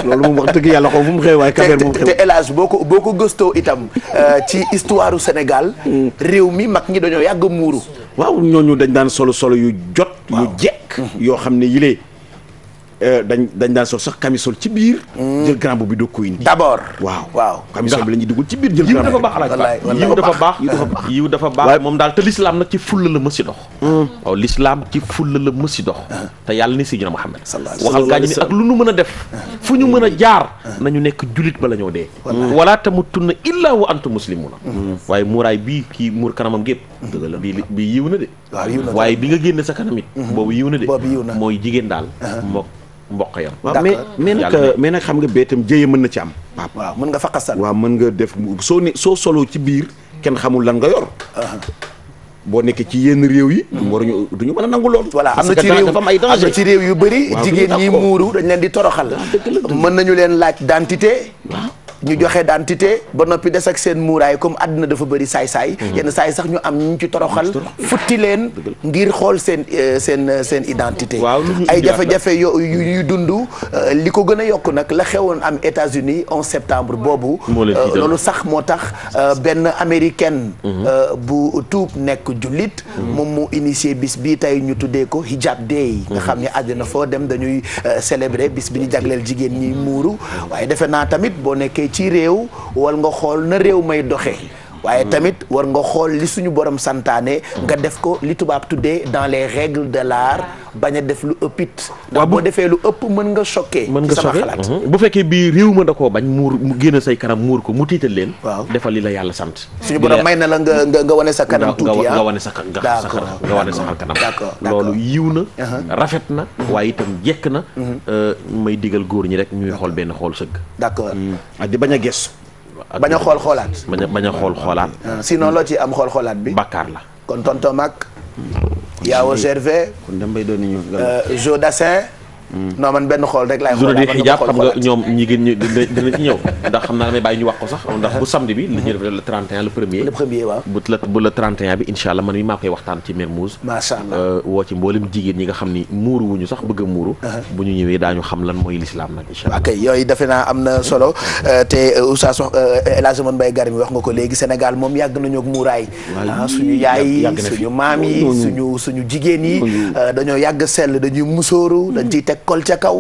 S2: loolu moom wax dëgg yàlla xaw fu mu xew waaye kaver moom xew
S1: te boo ko boo ko gëstoo itam euh, ci histoire
S2: Sénégal mm. réew mi mag ñi dañoo yàgg muuru waaw ñooñu dañ daan solo solo yu jot. yu jekk mm-hmm. yoo xam ne yilee Euh, dañ dañ daan soo sax camisole ci biir. Hmm. jël grand boobu doo ko indi. waaw waaw. camisole bi la ñuy dugal ci biir jël. grand boobu yiw dafa baax yiw dafa baax yiw dafa baax. moom daal te lislaam nag ci fulla la mësi dox. Hmm. waaw lislaam ci fulla la mësi dox. te yàlla ni si Sayyidina Muhammad. waxal gaañ ni ak lu nu mën a def. fu ñu mën a hmm. jaar. nañu nekk julit ba la ñoo dee. wala tamutunna illa wa antum muslimuna. waaye muuraay bii kii muur kanamam gépp. dëgg la bii bii yiw na de. waaye bi nga génne sa kanam boobu yiw na de mooy jigéen daal uh-huh. mook mboq yam mais mais nag mais nag xam nga bee itam jëye mën na ci am papa waaw mën nga fa xasal waaw mën nga def soo ne soo solo ci biir kenn xamul lan nga yor ah. boo nekkee ci yenn réew yi hmm. waruñu duñu mën a nangu loolu voilà am na ci réew am
S1: na ci réew yu bëri jigéen ñi muuru dañ leen di toroxal
S2: ah, mën nañu
S1: leen laaj d'identité waaw ñu joxe identité ba noppi des ak seen muuraay comme àdduna dafa bëri saay-saay mm-hmm. yenn saay sax ñu am ñu ci toroxal futti leen ngir xool seen euh, seen euh, seen identité ay jafe-jafe yo yu dund euh, li ko gën a yokk nag la xewoon am États-Unis 11 septembre boobu loolu sax moo tax benn américaine mm-hmm. bu tuub nekk jullit mm-hmm. moom mu initié bis bii tey ñu tuddee ko hijab day nga xam ne àddina foo dem dañuy célébrer bis bi ñu jagleel jigéen ñi muuru waaye defe naa tamit boo nekkee ci réew wala nga xool na réew may doxee waaye tamit war nga xool li suñu borom santaane nga def ko li tubaab tuddee dans les règles de l'art bañ a def lu ëpp it ndax boo defee lu ëpp mën nga choqué mën nga choqué xalaat mhm. bu
S2: fekkee bii réew ma da koo bañ muur mu génn say kanam muur ko mu tiital leen waaw defal li la yàlla sant suñu borom may
S1: na la nga nga wane sa kanam tuuti nga wane sa nga sa kanam nga sa
S2: kanam d'accord loolu yiw na uh-huh. rafet na uh-huh. waaye itam jekk na uh-huh. euh, may digal góor ñi rek ñuy xool benn xool sëgg d'accord hmm. di bañ a gestu
S1: bañ a xool xoolaat.
S2: bañ bañ a xool xoolaat. Ah, sinon loo
S1: ci am xool xoolaat bi. Bakkaar la kon tonton Mag. Hmm. Yao Gervais.
S2: kon Dame doon nañu. Euh,
S1: jo Dassin. Mm. non man benn xool rek laay xool xijaab xam nga
S2: ñoom ñi gën ñu dina ci ñëw [LAUGHS] ndax xam naa damay bàyyi ñu wax ko sax ndax bu samedi bi la ñuy def le 31 premier bu la bu le 31 bi incha allah man mi maa koy waxtaan ci Mermoz macha allah euh, woo ci mboolem jigéen ñi nga xam ni muuru wuñu sax bëgg a muuru uh-huh. bu ñu ñëwee daañu xam lan mooy lislaam nag incha allah yooyu defe
S1: naa am na solo mm-hmm. euh, te euh, Oustaz El Hadj Mbaye Gar mi wax nga ko léegi Sénégal moom yàgg nañu ak muuraay ah, suñu teg kol ca kaw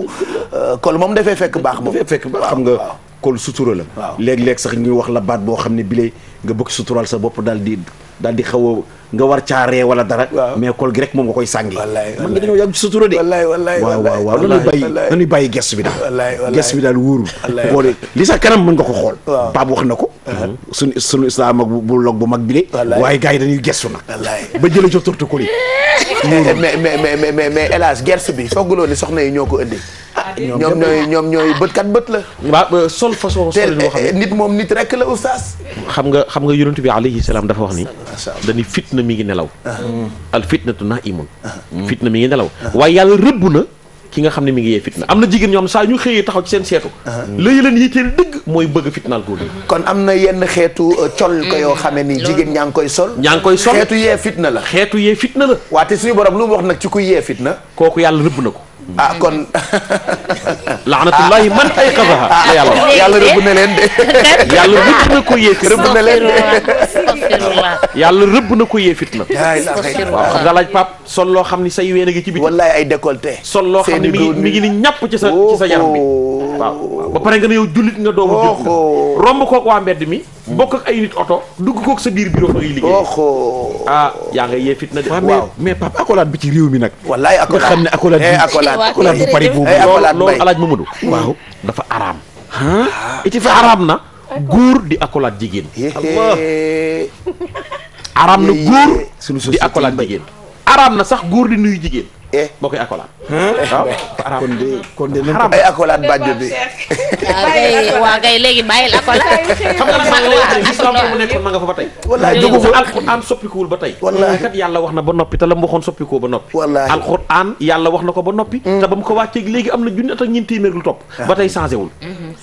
S1: euh, kol moom dafay fekk baax moom dafay fekk
S2: baax xam nga kol sutura la léeg-léeg sax ñuy wax la baat boo xam ne bile nga bëgg suturaal sa bopp daal di daal di xaw a nga war caaree wala dara. mais kool gi rek moom nga koy sàngi. wallaay
S1: man nga dañoo yàgg ci sutura de. wallaay wallaay wallaay waaw waaw nañu bàyyi
S2: nañu bi daal.
S1: wallaay bi daal wóorul.
S2: wallaay li sa kanam mën nga ko xool. waaw wax na ko. Uh-huh. su sunu islam bu log bu mag bi de. waaye gars yi dañuy gestu nag. ba jëlee ca tortu ko li
S1: mais mais mais mais hélas gerte bi fooguloo ni soxna yi ñoo ko indi ñoom ñooy ñoom ñooy bët kat bët la. waaw sol façon. sol eh, nit moom nit rekk la oustaz.
S2: xam nga xam nga yonent bi alayhi salaam dafa wax ni. dañuy fitna mi ngi nelaw. Ah. al fitnatu naimun. Ah. Mm. fitna mi ngi nelaw. Ah. waaye yàlla rëbb na. ki nga xam ne mi ngi yee fitna am na jigéen ñoom saa ñu xëyee taxaw ci seen seetu mm. layu leen yitteel dëgg mooy bëgg fitnaal góor ñi
S1: kon am na yenn xeetu uh, col ko mm. yoo xamee ni jigéen ñaa ngi koy sol
S2: ñaa ngi koy sol xeetu yee fitna la xeetu yee fitna la waaw te suñu borom lu mu wax nag ci kuy yee fitna kooku yàlla rëbb na ko ah kon. [LAUGHS] laanatullahi man ay xasaha. ah yàlla ah, yàlla rëbb na leen de. [LAUGHS] yàlla rëbb na ko yee fitna. rëbb na leen de. yàlla rëbb na ko yee fitna. waaw xam nga laaj pap sol loo xam ni say ween a ngi ci biti. wallaay ay décolleté. sol loo xam ni mi ngi mi ngi ni ñàpp ci sa ci sa yaram bi. Oh, waaw ba pare nga ne yow jullit nga doomu jóg romb kook waa mbedd mi bokk ak ay nit oto dugg kook sa biir bureau ba ngay liggéey ah yaa nga yee na de waaw mais papa accolade bi ci réew mi nag wallaay accolade nga xam ne accolade bi eh, accolade bu bari boobu eh, loolu alaaj dafa araam ah ci jigéen Allah araam na góor di accolade jigéen araam na sax góor di nuyu jigéen boo koy accolade. xaram
S6: kon ay accolade bàjjo
S4: waaw kay léegi bàyyil accolade. xam nga
S2: man ma nga fa ba tey. wallaahi jógu fa alxuraan soppikuwul ba tey. wallaahi kat yàlla wax na ba noppi te la mu waxoon soppikoo ba noppi. wallaahi alxuraan yàlla wax na ko ba noppi. te ba mu ko wàccee léegi am na junni at ak lu topp. ba tey changé wul.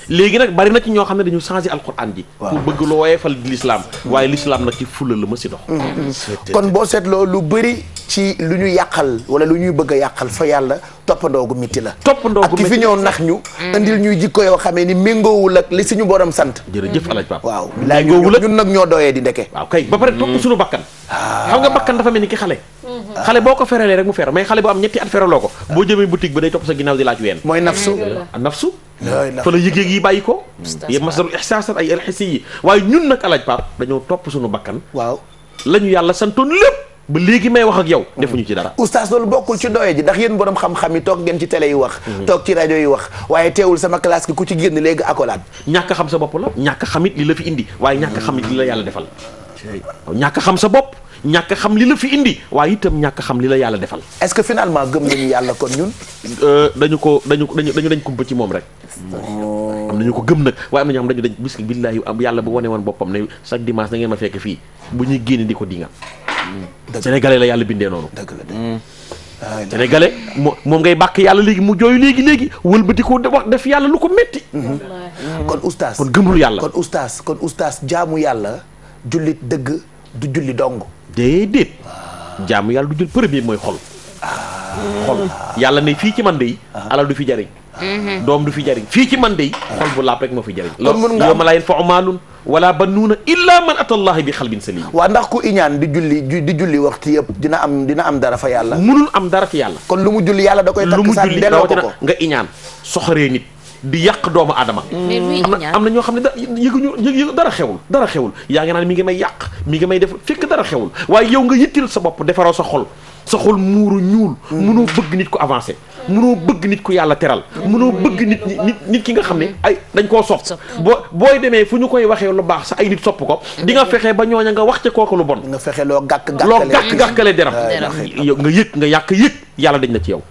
S2: léegi nag bari na ci ñoo xam ne dañu changé alxuraan ji. waaw pour bëgg lu woyefal l'islam waaye l'islam nag ci fula la ma si dox.
S1: kon boo seetloo lu lu ñu bëgg a yàqal fa yàlla toppandoo gu mitti la. toppandoo gu mm.
S2: mm. ba pare topp mm. suñu bakkan. Ah. xam nga bakkan dafa mel ni ki xale. Mm-hmm. xale boo ko feralee rek mu fer mais xale bu am ñetti at feraloo ko. boo jëmee boutique ba day topp sa ginnaaw di laaj ween. mooy nafsu ah, nafsu.
S1: fa yëg-yëg
S2: yi bàyyi ko. masdarul ihsaasat ay alxisi yi waaye ñun nag alaaj Pape dañoo topp suñu bakkan. waaw yàlla santoon lépp ba léegi may wax ak yow defuñu ci dara oustaz loolu bokkul ci doye
S1: ji ndax yéen borom xam-xam yi toog ngeen ci télé yi wax mhm. toog ci rajo yi wax waaye teewul sama classe ki ku ci génn
S2: léegi accolade ñàkk xam sa bopp la ñàkk xamit li la fi indi waaye ñàkk xamit li la yàlla defal ñàkk xam sa bopp ñàkk xam li la fi indi waaye itam ñàkk xam li la yàlla defal est-ce que finalement gëm
S1: nañu yàlla kon ñun
S2: euh, dañu ko dañu dañu dañu dañ kumpa ci moom rek oh. am ñu ko gëm nag waaye am na ñoo xam dañu dañ bis billaahi yàlla bu wane woon boppam ne chaque dimanche ngeen ma fekk fii bu ñuy génn di ko dinga sénégalais la yàlla bindee noonu. dëgg la hmm. ah, sénégalais moom ngay bàkk yàlla léegi mu jooyu léegi léegi wëlbati ko def yàlla lu ko métti. Hmm. kon oustaz kon gëmul yàlla. kon oustaz kon oustaz jaamu yàlla jullit dëgg du julli dong. déedéet jaamu yàlla du jul premier mooy xol. Ah. xol yàlla ne fii ci man de yi ah. alal du fi jariñ Mm-hmm. doom du fi jariñ fii ci man de xol bu laab rek moo fi jariñ loolu mën nga yow ma laa yanfa'u maalun wala banuuna illaa man atallahi bi xalbin salim
S1: waaw ndax ku iñaan di julli di julli waxtu yëpp dina am dina am dara fa yàlla munul am dara fi yàlla
S2: kon lu mu julli yàlla da koy takk sa delloo ko ko nga iñaan soxoree nit di yàq doomu aadama
S3: mm. am
S2: na ñoo xam ne da yëguñu yëgu dara xewul dara xewul yaa ngi naan mi ngi may yàq mi ngi may def fekk dara xewul waaye yow nga yittil sa bopp defaroo sa xol sa xol muuru ñuul mënoo mm. bëgg nit ko avancé mënoo bëgg nit ku yàlla teral mënoo bëgg nit nit ki nga xam ne ay dañ koo sopp boo booy demee fu ñu koy waxee lu baax sa ay nit sopp ko di nga fexe ba ñooña nga wax ca kooku lu bon nga fexe loo gàkk gàkkale deram nga yëg nga yàq yëg yàlla dañ na ci yow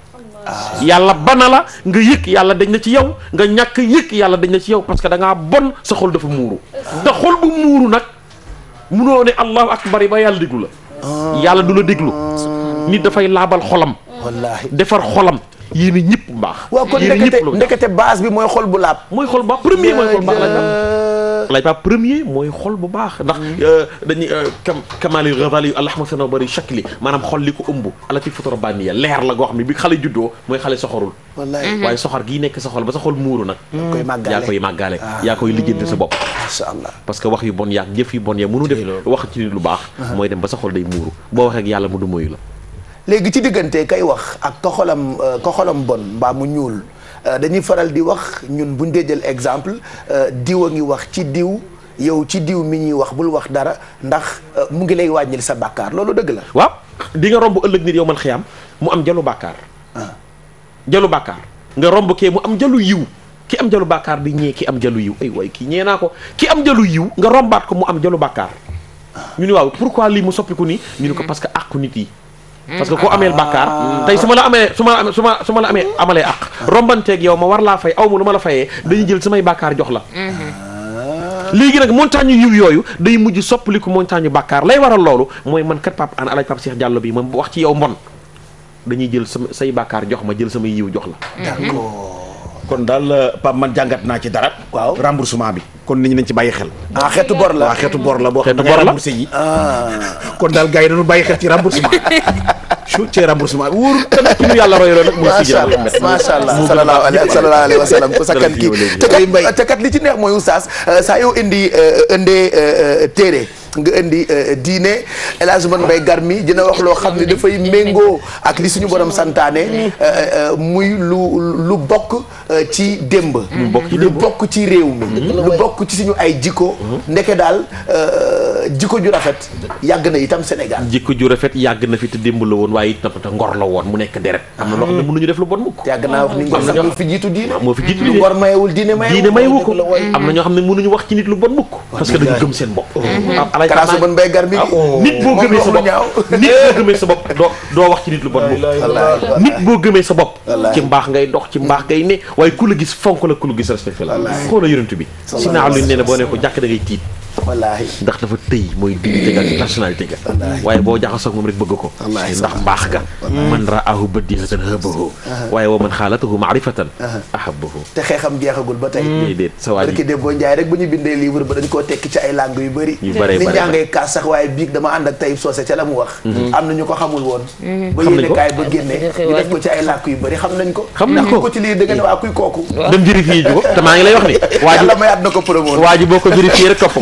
S2: yàlla bana la nga yëg yàlla dañ na ci yow nga ñàkk yëg yàlla dañ na ci yow parce que da bon sa xol dafa muuru te xol bu muuru nag munoo ne allahu ak yi ba yàlla déglu la ah. yàlla du la déglu nit dafay laabal xolam defar xolam yéen a ñëpp mbaax. waaw kon ndekete ndekete base bi mooy xol bu laab. mooy xol bu
S4: baax premier xol bu baax
S2: laaj euh, mooy xol bu baax ndax hmm. euh, dañuy euh, kam kamali revali allahma sana bari shakli maanaam xol li ko ëmb ala ci fotora bànniya leer la goo xam ne bi xale juddoo mooy xale soxorul wallaay mhm. waaye soxor gi nekk sa xol ba sa xol muuru nag yaa koy màggaale yaa koy ah. lijjanti sa bopp masha allah parce que wax yu bon yaak jëf yu bon ya mënu def wax ci lu baax mooy dem ba sa xol day muuru boo waxee yàlla mu du moyu la
S1: léegi ci diggante kay wax ak ko xolam euh, ko xolam bon mbaa mu ñuul euh, dañuy faral di wax ñun buñ dee jël exemple euh, diw a ngi wax ci diw yow ci diw mi ñuy wax bul wax dara ndax
S2: mu ngi lay wàññil sa bàkkaar loolu dëgg la. waaw di nga romb ëllëg nit yow man xiyam mu am jalu bàkkaar. Ah. jalu bàkkaar nga romb kee mu am jalu yiw. ki am jalu bàkkaar di ñee ki am jalu yiw ay waay kii ñee naa ko ki am jalu yiw nga rombaat ko mu am jalu bàkkaar ah. ñu ni waaw pourquoi lii mu soppiku nii ñu ni ko mm-hmm. parce que àqu nit parce que ku amee bàkkaar ah. tey su ma la amee su ma la su ma su amee amalee ak rombanteek yow ma war laa fay aw ma lu ma la fayee dañuy jël samay bàkkaar jox la
S8: ah.
S2: léegi nag montagne yiw yooyu day mujj soppaliku montagne bàkkaar lay waral loolu mooy man kat pap an alaaj pap Cheikh Diallo bi ma wax ci yow mbon dañuy jël sama say bàkkaar jox ma jël samay yiw jox la kon daal euh, Pape man jàngat naa ci dara. waaw remboursement bi. kon nit ñi nañ ci bàyyi xel. ah xeetu bor la waaw xeetu bor la boo xam ne da ngay remboursé yi. Ah. kon daal gars yi dañu bàyyi xel ci remboursement. [LAUGHS] su cee remboursement wóor tamit ku ñu yàlla royaloo nag. macha allah macha allah sallallahu alayhi wa sallam ku sakkan kii
S1: te kat li ci neex mooy oustaz euh, saa yoo indi indee euh, téere. nga indi euh, diine El Hadj Man Garmi dina wax loo xam ne dafay méngoo ak li suñu borom santaane euh, euh, muy lu lu bokk ci démb lu bokk ci réew mi lu bokk ci suñu ay jikko ndeke daal jikko ju rafet yàgg na itam Sénégal
S2: jikko ju rafet yàgg na fi te démb la woon waaye itam te ngor la woon mu nekk deret am na loo xam ne mënuñu def na ñoo ne mënuñu wax ci nit lu bon mukk parce dañu gëm seen bopp mhm. karaasu ban bay gar mi nit boo gëmee sa bopp doo doo wax ci nit lu bon mukk nit boo gëmee sa bopp ci mbaax ngay dox ci mbaax ngay ne waaye ku la gis fonk la ku la gis respecté la xoolal yonent bi si naa lu ne boo ne ko jàkk da tiit wallaahi ndax dafa tëy mooy dignité ga personnalité ga waaye boo jaxasoog moom rek bëgg ko ndax mbaax ga man raahu badihatan habahu waaye woo man xaalatahu maarifatan ma te
S1: xeexam jeexagul ba tey mm. déedéet sa waa ji boo njaay rek bu ñu bindee livre ba dañ koo tekki ci ay langue yu bëri yu bëri ni njàngay kaas sax waaye biig dama ànd ak Tayib Socé ca la mu wax mm-hmm. am na ñu ko xamul woon mm-hmm. ba yéene kaay ba génne ñu def ko ci ay làkk yu bëri xam nañ ko xam nañ ko ci lii dëgg ne waa kuy kooku dem vérifier ju ko te maa ngi lay wax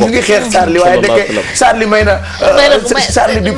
S1: ni [LAUGHS] di xeex Charlie waaye dëkk Charlie may na euh, Charlie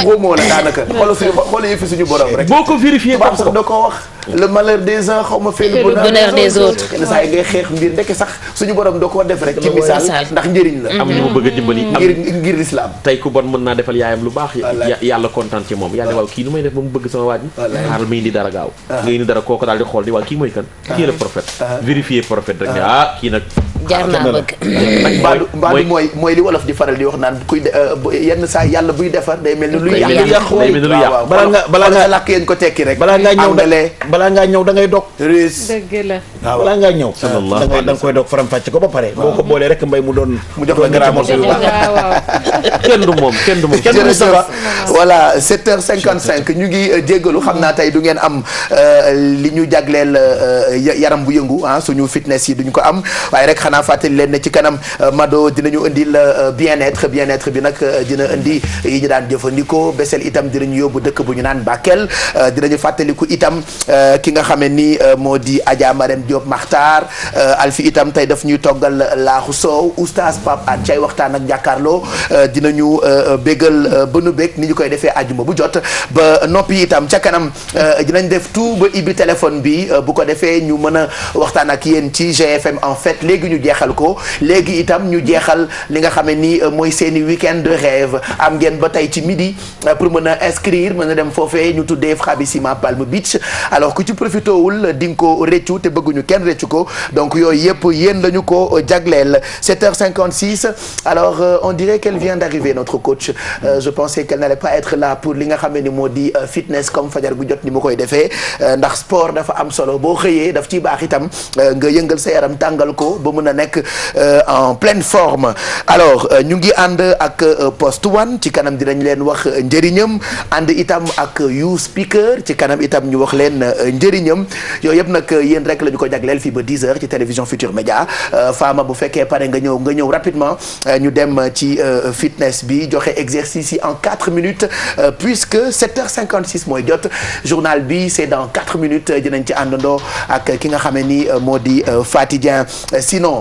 S1: ko vérifié ba sax da ko wax le malheur des uns xaw ma fait le bonheur des autres yenn saa yi ngay xeex mbir ndekk sax suñu borom
S2: da koo def rek ci misaal
S1: ndax njëriñ la am ñu ma bëgg a
S2: dimbali ngir ngir lislaam tey ku bon mën naa defal yaayam lu baax yàlla kontaan ci moom yàlla waaw kii nu may def ba mu bëgg sama waaj xaaral ma indi dara gaaw ah. nga indi dara kooku daal di xool ni waaw kii mooy kan ah. kii la prophète ah. vérifié prophète rek ah kii nag
S1: jaar ah, naa bëgg. mooy mooy li wolof di faral di wax naan kuy euh, yenn saa yàlla
S2: buy defar day mel ni
S8: lu
S1: yàq day mel balaa nga balaa nga làkk yéen ko tekki rek
S2: balaa ngaa ñëw balaa ngaa ñëw da ngay dog rus dëgg la waaw balaa ngaa ñëw da ngay da nga koy dog faram fàcc ko ba pare boo ko boolee rek mbay mu doon mu jox la garaamol [LAUGHS] bi kenn du moom kenn du moom
S1: kenn du sa voilà 7 heures 55 ñu ngi euh, jéggalu xam naa tey du ngeen am euh, li ñu jagleel yaram bu yëngu ah suñu fitness yi duñ ko am waaye rek xanaa fàttali leen ne ci kanam euh, Mado dinañu indil euh, bien-être bien-être bi nag euh, dina indi yi ñu daan jëfandikoo Bessél itam dinañu yóbbu dëkk bu ñu naan Bakel dinañu fàttaliku itam ki nga xamee ni moo di Adja Marème Diop Makhtar Alfi itam tey daf ñuy toggal laaxu soow oustaz Pape An cay waxtaan ak jàkkaarloo dinañu bégal ba nu bég ni ñu koy defee àjjuma bu jot ba noppi itam ca kanam dinañ def tout ba ibbi téléphone bi bu ko defee ñu mën a waxtaan ak yéen ci ñu jeexal ko léegi itam ñu jeexal li nga xam ne ni euh, mooy seeni week-end de rêve am ngeen ba tey ci midi euh, pour mën a inscrire mën a dem foofee ñu tuddee Frabissima Palm Beach alors ku ci profité wul di nga ko rëccu te bëgguñu kenn rëccu ko donc yooyu yëpp yéen lañu ko euh, jagleel 7h56 alors on dirait qu'elle vient d'arriver notre coach je pensais qu'elle n'allait pas être là pour li nga xam ne ni moo di fitness comme fajar bu jot ni mu koy defee ndax sport dafa am solo boo xëyee daf ciy baax itam nga yëngal yaram tàngal na nekk euh, en pleine forme alors euh, ñu ngi ànd ak euh, Post One ci kanam dinañ leen wax njëriñam ànd itam ak You Speaker ci kanam itam ñu wax leen njëriñam yooyu yëpp nag yéen rek lañu ko jagleel fii ba 10 heures ci télévision Futur Média Fama bu fekkee pare nga ñëw nga ñëw rapidement ñu dem ci fitness bi joxe exercice yi en 4 minutes puisque 7h56 mooy jot journal bi c'est dans 4 minutes nañ ci àndandoo ak ki nga xam ne ni moo di Fatidien sinon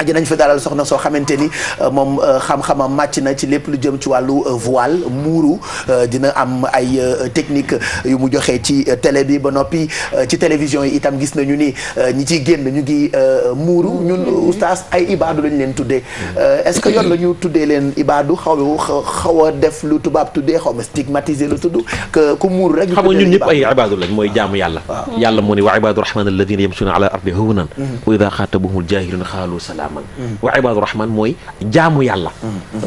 S1: aji nañ fi dalal soxna soo xamante ni euh, moom euh, xam-xamam màcc na ci lépp lu jëm ci wàllu euh, voile muuru dina am ay technique yu mu joxe ci tele bi ba noppi ci télévision yi itam gis nañu ni ñi ciy génn ñu ngi muuru ñun oustaz ay ibaadu lañ leen tuddee est-ce que yoon la ñu tuddee leen ibaadu xaw xaw a def lu tubaab tuddee xaw ma stigmatiser lu tudd que ku muuru rek xam nga ñun ñëpp
S2: ibaadu lañ mooy jaamu yàlla yàlla moo ni wa ibaadu rahmaan alladina yamsuuna ala ardi huwnan wa ida xaatabahumul jaahiluun xaalu salaam rahman wa ibadu rahman mooy jaamu yàlla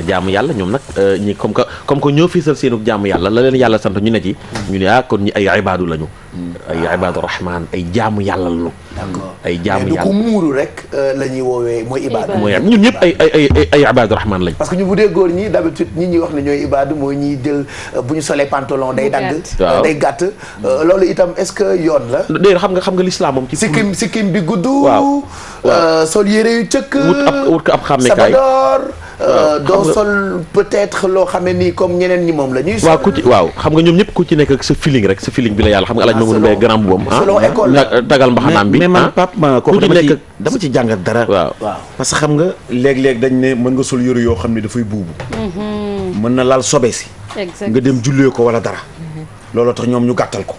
S2: jaamu yàlla ñoom nag euh, ñi comme que comme la leen yàlla sant ñu ne ci ñu ne ah kon ñi ay ibadu lañu ay ibadu rahman ay jaamu yàlla lañu ay jaamu yàlla mais du ko
S1: muuru rek euh, la ñuy woowee mooy ibaadu mooy
S2: ñun ñëpp ay ay ay ay ibaadu rahman lañ
S1: parce que ñu bu dee góor ñi d'habitude ñi ñuy wax ne ñooy ibaadu mooy ñiy jël euh, bu ñu solee pantalon day dagg day gàtt loolu itam est
S2: yoon la déedéet xam nga xam nga l'islam moom ci sikkim bi gudd sol yére yu cëkk masque. wut ab wut ko ab xàmmekaay
S1: euh, doo sol peut loo xamee ni comme ñeneen ñi moom la ñuy. waaw ku
S2: ci waaw xam nga ñoom ñëpp ku ci nekk ak sa feeling rek sa feeling bi la yàlla xam nga alaaj ah, ma mun mbay grand boubam ah tagal ah, euh, mbaxanaam bi mais man ah, ci nekk dama ci jàngat dara waaw parce que xam nga léeg-léeg dañ ne mën nga sol yëre yoo xam ne dafay buubu
S8: mm-hmm.
S2: mën na laal sobe si nga dem jullee ko wala dara mm-hmm. looloo tax ñoom ñu gàttal ko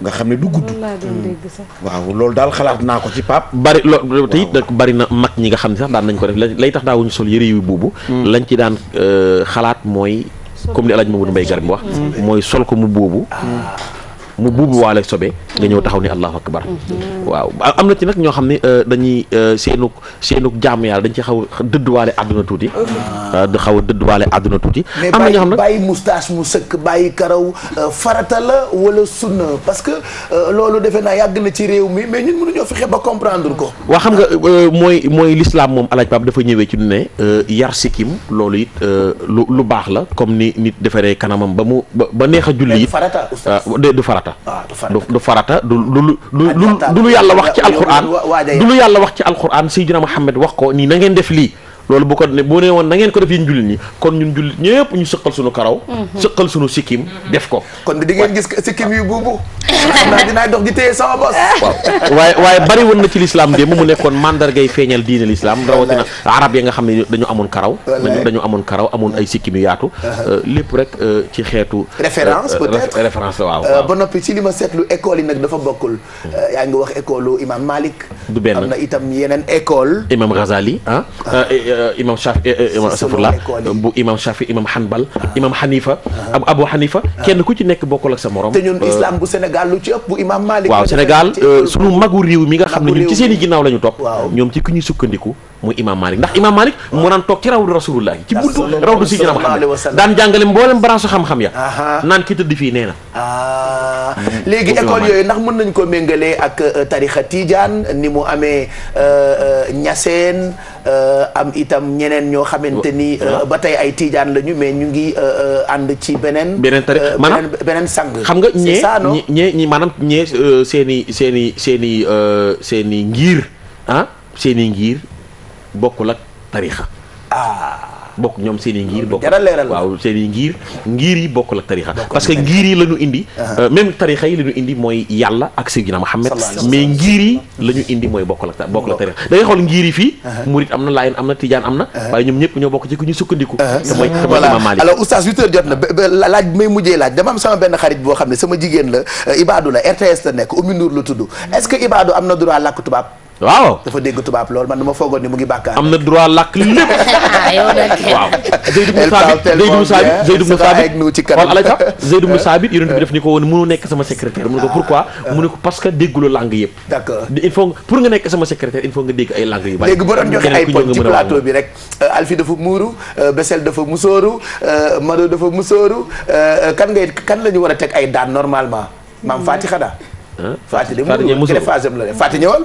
S2: nga xam ne du gudd. Mm. waaw loolu daal xalaat naa ko ci paap. bari loo tey it bari na mag ñi nga xam ne sax daan nañ ko def lay tax daawuñu sol yére yu buubu. Mm. lañ ci daan euh, xalaat mooy. comme ni El Hadj Mamadou Mbaye Garmi wax. Mm. mooy sol ko mu buubu. mu buubu waale sobe nga ñëw taxaw ni allahu akbar waaw am na ci nag ñoo xam ne euh, dañuy seenuk seenuk jaamu yàlla dañ ci xaw a dëddwaale àdduna tuuti ah, da xaw a dëddwaale àdduna tuuti am na ñoo xam ne
S1: bàyyi moustache mu sëkk bàyyi karaw euh, farata la wala sunna parce que euh, loolu defe naa yàgg na ci réew mi mais ñun mënuñoo fexe ba comprendre ko
S2: waa xam nga mooy mooy lislaam moom alaaj Pape dafa ñëwee ci du ne yar sikkim loolu it lu lu baax la comme ni nit defaree kanamam ba mu ba neex a julli it ah, du farata farata ah, du farata du lu lu lu lu yàlla wax ci alquran du lu yàlla wax ci alquran sayyidina Muhammad wax ko nii nangeen ngeen def lii loolu bu ko bu ne woon na ko def yéen jullit ñi kon ñu jullit ñëpp ñu sëqal suñu karaw mhm. sëqal suñu sikkim def ko kon di ngeen gis sikkim yu buubu
S1: xam naa dinaa dox
S2: di téye sama bos [LAUGHS] waaw waaye waaye bari woon na ci lislaam démb mu nekkoon mandargay feeñal diine lislaam rawatina arab yi nga xam ne dañu amoon karaw dañu amoon karaw amoon ay sikkim yu yaatu uh-huh. euh, lépp rek euh, ci xeetu euh, référence peut waaw
S1: ba noppi ci li ma seetlu école yi nag dafa bokkul hmm. yaa ngi wax école u imam Malik du benn na itam yeneen école
S2: imam Ghazali ah. Ah. Euh, imam Shafi euh, euh, safurla bu imam Shafi imam Hanbal ah. imam Hanifa am ah. Abu Hanifa ah. kenn ku ci nekk bokkul ak sa morom te ñun islam
S1: bu Sénégal lu ci ëpp bu imam Malik waaw Sénégal
S2: sunu magu réew mi nga xam ne ñun ci seen ginnaaw la ñu topp ñoom ci ki ñuy sukkandiku muy imam Malik ndax imam Malik moo daan toog ci rawdu rasulullah ci buntu
S8: rawdu sidina Muhammad daan jàngale
S2: mboolem branche xam-xam ya naan ki tëdd fii nee na ah. mm. léegi école yooyu
S1: ndax mën nañ ko méngalee ak euh, tarixa tiijaan ni mu amee euh, euh, ñaseen am itam ñeneen ñoo xamante ni ba tey ay Tidiane lañu mais ñu ngi ànd ci beneen beneen tari beneen sang xam nga ñee
S2: ñee ñi maanaam ñee seeni i seen i seen i seeni ngiir ngir ah, bokkul ak tarixa ah. bokk ñoom seen i ngir bokk waaw seen i ngir ngir yi bokkul ak tarixa parce que ngir yi la ñu indi uh-huh. euh, même tarixa yi la indi mooy yàlla ak Seydina Muhammad mais ngir yi la ñu indi mooy bokk ak bokkul ak tarixa da xool ngir yi fii uh-huh. murit am na laayen am na tijaan am na uh-huh. waaye ñoom ñëpp ñoo bokk ci ku ñu sukkandiku te mooy Imaam Maalik alors oustaz
S1: huit heures jot na laaj bi may mujjee laaj dama sama benn xarit boo xam ne sama jigéen la euh, Ibadou la RTS la nekk Oumy Nour la tudd est-ce que Ibadou am na droit làkk tubaab waaw dafa dégg tubaab lool man dama foogoon
S2: ni mu ngi bàkkaar am na droit làkk lépp [LAUGHS] ah, waaw Zayd ibn Saabit Zayd ibn Saabit Zayd ibn Saabit xool alay tax Zayd ibn Saabit ni ko woon mënu nekk sama secrétaire mu ne ko ah. pourquoi mu ne ko parce que dégguloo langue yëpp d'accord il faut pour nga nekk sama secrétaire il faut nga dégg ay langue yu bari léegi ba doon joxe ay poñ ci plateau bi
S1: rek euh, Alfi dafa muuru euh, Besel dafa musóoru euh, Mado dafa musóoru kan ngay la ñu war a teg ay daan normalement maam Fati xanaa
S2: Fati de muuru la def Fati ñëwal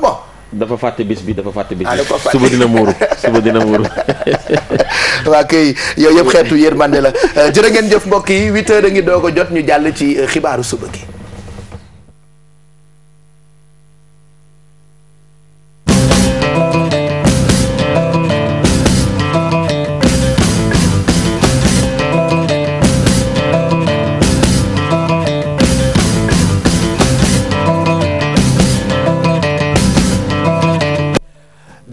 S2: dafa fàtte bis bi dafa fàtte bis bi ah, suba dina muuru suba dina muuru [LAUGHS] waa kay yow yëpp xeetu yërmande la euh,
S1: jërë ngeen jëf mbokk yi huit heures a ngi doog a jot ñu jàll ci euh, xibaaru suba gi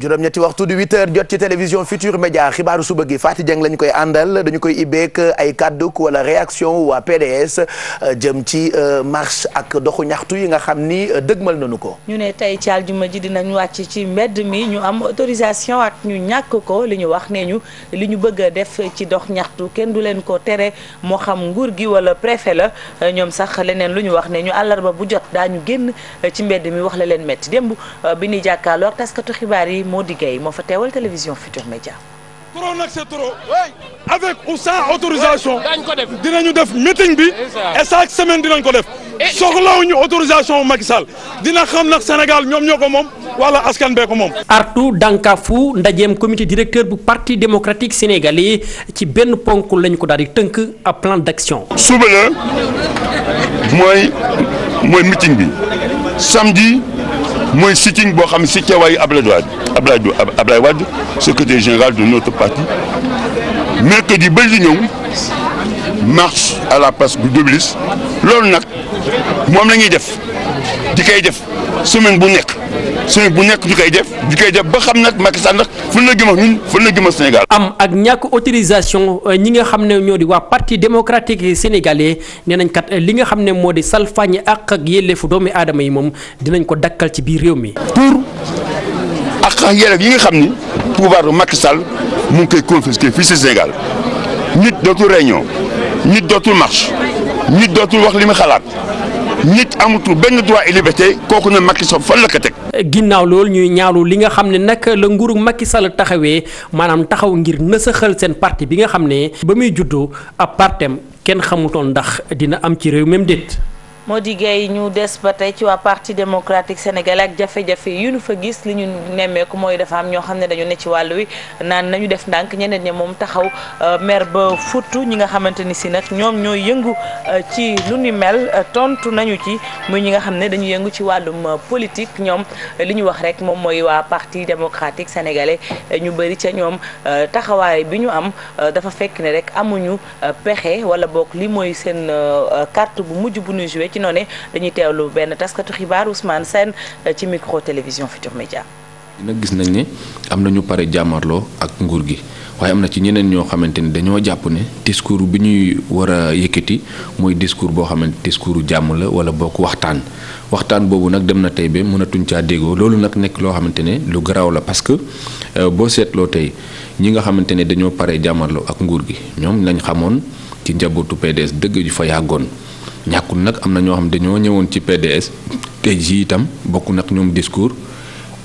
S1: juróom-ñetti waxtu di 8 heures jot ci télévision Futur Média xibaaru suba gi Fatou Dieng lañ koy àndal dañu koy ibbeek euh, ay kàddu wala réaction waa PDS euh, jëm ci euh, marche ak doxu ñaxtu yi nga xam ni dëgmal nañu ko.
S5: ñu ne tey ci aljuma ji dinañ wàcc ci mbedd mi ñu am autorisation ak ñu ñàkk ko li ñu wax nee ñu li ñu bëgg a def ci dox ñaxtu kenn du leen ko tere moo xam nguur gi wala préfet la ñoom sax leneen lu ñu wax ne ñu àllarba bu jot daañu génn ci mbedd mi wax la leen métti démb Maudi Gueye moo fa teewal télévision Futur Média.
S6: trop nag c'est trop.
S5: avec ou sans autorisation. daañu ko def dinañu def meeting bi. et chaque semaine dinañ ko def. soxlawuñu autorisation
S2: Macky Sall dina xam nag Sénégal ñoom ñoo ko moom wala askan bee ko moom. artu dankafu ndajeem comité directeur bu parti démocratique sénégalais ci benn ponk lañ ko daal di tënk
S6: ab plan d'action. suba la mooy mooy bi samedi. mooy sitting boo xam si teewaayu Abdoulaye Wade Abdoulaye Abdoulaye Wade secrétaire général de notre parti mercredi ba li ñëw marche à la place du Obélisque loolu nag moom la ñuy def di koy def semaine bu nekk. suñu bu nekk ñu koy def ñu koy def ba xam nag Macky Sall nag fan la gëmal ñun fan la gëmal Sénégal. am ak ñàkk autorisation euh, ñi nga xam ne ñoo di waa
S2: parti démocratique sénégalais nee nañ kat li nga xam ne moo di salfaañi àq ak yelleefu doomi aadama yi moom dinañ ko dakkal ci biir réew mi.
S8: pour
S6: àq ak yelleef yi nga xam ni pouvoir bu Macky Sall mu ngi koy confisqué fii si Sénégal nit dootul réunion nit dootul marche nit dootul wax li mu xalaat. nit amatul benn droit et liberté kooku na Macky Sall fan la ko teg. ginnaaw loolu ñuy ñaawlu li nga xam ne nag la nguuru makki
S2: Sall taxawee maanaam taxaw ngir nësaxal seen parti bi nga xam ne ba muy juddoo ab partem kenn xamutoon ndax dina am ci réew même déet.
S5: moo Mody yi ñu des ba tey ci waa parti démocratique sénégalais ak jafe-jafe yu ñu fa gis li ñu nemmeeku mooy dafa am ñoo xam ne dañu ne ci wàll wi naan nañu def ndànk ñeneen ñi moom taxaw euh, maire ba futtu ñi nga xamante ni si nag ñoom ñooy yëngu euh, ci lu ni mel euh, tontu nañu ci mooy ñi nga xam ne dañu yëngu ci wàllum politique ñoom li ñu wax rek moom mooy waa parti démocratique sénégalais ñu bëri ca ñoom taxawaay bi ñu am dafa fekk ne rek amuñu pexe wala boog li mooy seen carte bu mujj bu ñu joué ci noonu dañuy teewlu benn taskatu xibaar Ousmane Sène euh, ci micro télévision Futur Média.
S8: dina gis nañ ne am na ñu pare jàmmarloo ak nguur gi waaye am na ci ñeneen ñoo xamante ne dañoo jàpp ne discours bi ñuy war a yëkkati mooy discours boo xamante discours jàmm la wala bokk waxtaan waxtaan boobu nag dem na tey ba mënatuñ caa déggoo loolu nag nekk loo xamante ne lu garaaw la parce que euh, boo seetloo tey ñi nga xamante ne dañoo pare jàmmarloo ak nguur gi ñoom lañ xamoon ci njabootu PDS dëgg ju fa yàggoon. ñàkkul nag am na ñoo xam dañoo ñëwoon ci PDS te jii itam bokk nag ñoom discours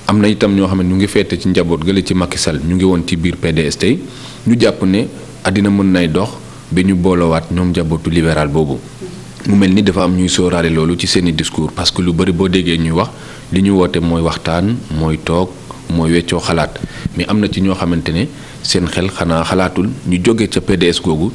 S8: am na itam ñoo xam ne ñu ngi feete ci njaboot gële ci Macky Sall ñu ngi woon ci biir PDS tey ñu jàpp ne àddina mën nay dox ba ñu booloowaat ñoom njabootu libéral boobu. mu mel ni dafa am ñuy sóoraale loolu ci seeni discours parce que lu bari boo déggee ñuy wax li ñu woote mooy waxtaan mooy toog mooy weccoo xalaat mais am na ci ñoo xamante ne seen xel xanaa xalaatul ñu jóge ca PDS googu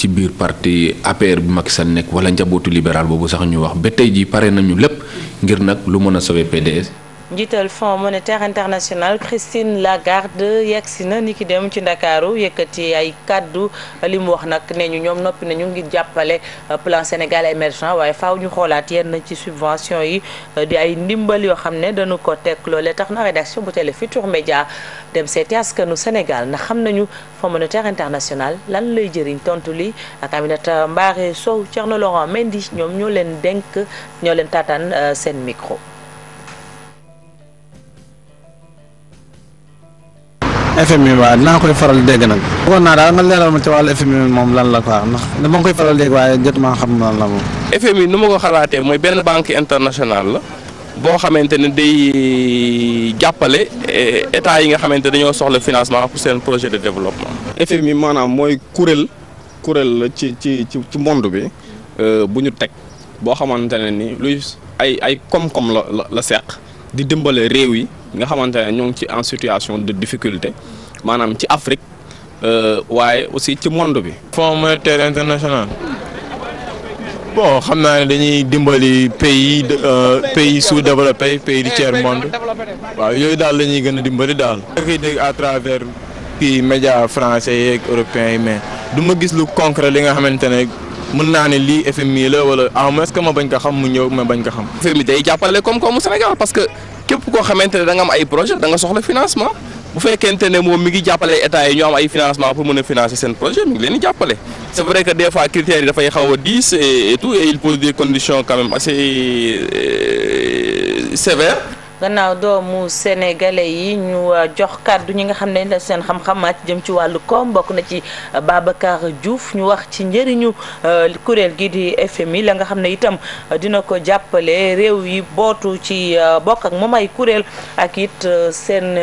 S8: ci biir parti APR bu Macky Sall nekk wala njabootu libéral boobu sax ñu wax ba tey jii pare nañu lépp ngir nag lu mën a sauver PDS
S5: njiital Fonds monétaire international Christine Lagarde si na ni ki dem ci ndakaaru yëkkati ay kàddu li mu wax nag nee ñu ñoom noppi nañu ngir jàppale euh, plan Sénégal émergent waaye faw ñu xoolaat yenn ci subvention yi euh, di ay ndimbal yoo xam ne dañu ko teg loolee tax na rédaction bu Télé Futurs média dem seeti askanu Sénégal ndax xam nañu Fonds monétaire international lan lay jëriñ tontu li ak Aminata Mbaare Sow Thierno Laurent Mendy ñoom ñoo leen dénk ñoo leen taataan euh, seen micro.
S2: FMI waaye dinaa koy faral dégg nag. bëggoon naa daal nga leeral ma ci wàllu FMI moom lan la quoi ndax dama koy faral dégg waaye jot maa xam lan la moom.
S8: FMI nu ma ko xalaatee mooy benn banque internationale la boo xamante ne day jàppale eh, état yi
S2: nga xamante dañoo soxla financement pour seen projet de développement.
S8: FMI maanaam mooy kuréel kuréel la ci ci ci monde bi euh, bu ñu teg boo xamante ne ni luy ay ay koom la la seq di dimbale réew yi. nga xamante ne ñoo ngi ci en situation de difficulté maanaam ci Afrique euh, waaye aussi ci monde bi. Fonds monétaire international
S9: bon xam naa ne dañuy dimbali pays euh, pays sous-développé pays du tiers monde waaw yooyu daal la ñuy gën a dimbali daal.
S8: koy dégg à travers kii média français yeeg européens yi mais duma gis lu concret li nga xamante ne. mën naa ne lii FMI la wala en ah, moins que ma bañ ko xam mu ñëw ma bañ ko xam.
S2: FMI day jàppale koom-koomu Sénégal parce que képp koo xamante ne da nga am ay projet da nga soxla financement bu fekkente ne moom mi ngi jàppale état yi ñu am ay financement pour mën a financer seen projet mi ngi leen di jàppale. c'est vrai que des fois yi dafay xaw a diis et tout et il pose des conditions quand même assez euh, sévères.
S5: gannaaw doomu sénégalais yi ñu euh, jox kàddu ñi nga xam ne seen xam-xam màcc jëm ci wàllu koom bokk na ci euh, Babacar Diouf ñu wax ci njëriñu euh, kuréel gi di FMI la nga xam ne itam dina ko jàppale réew yi bootu ci bokk ak moom ay kuréel ak it seen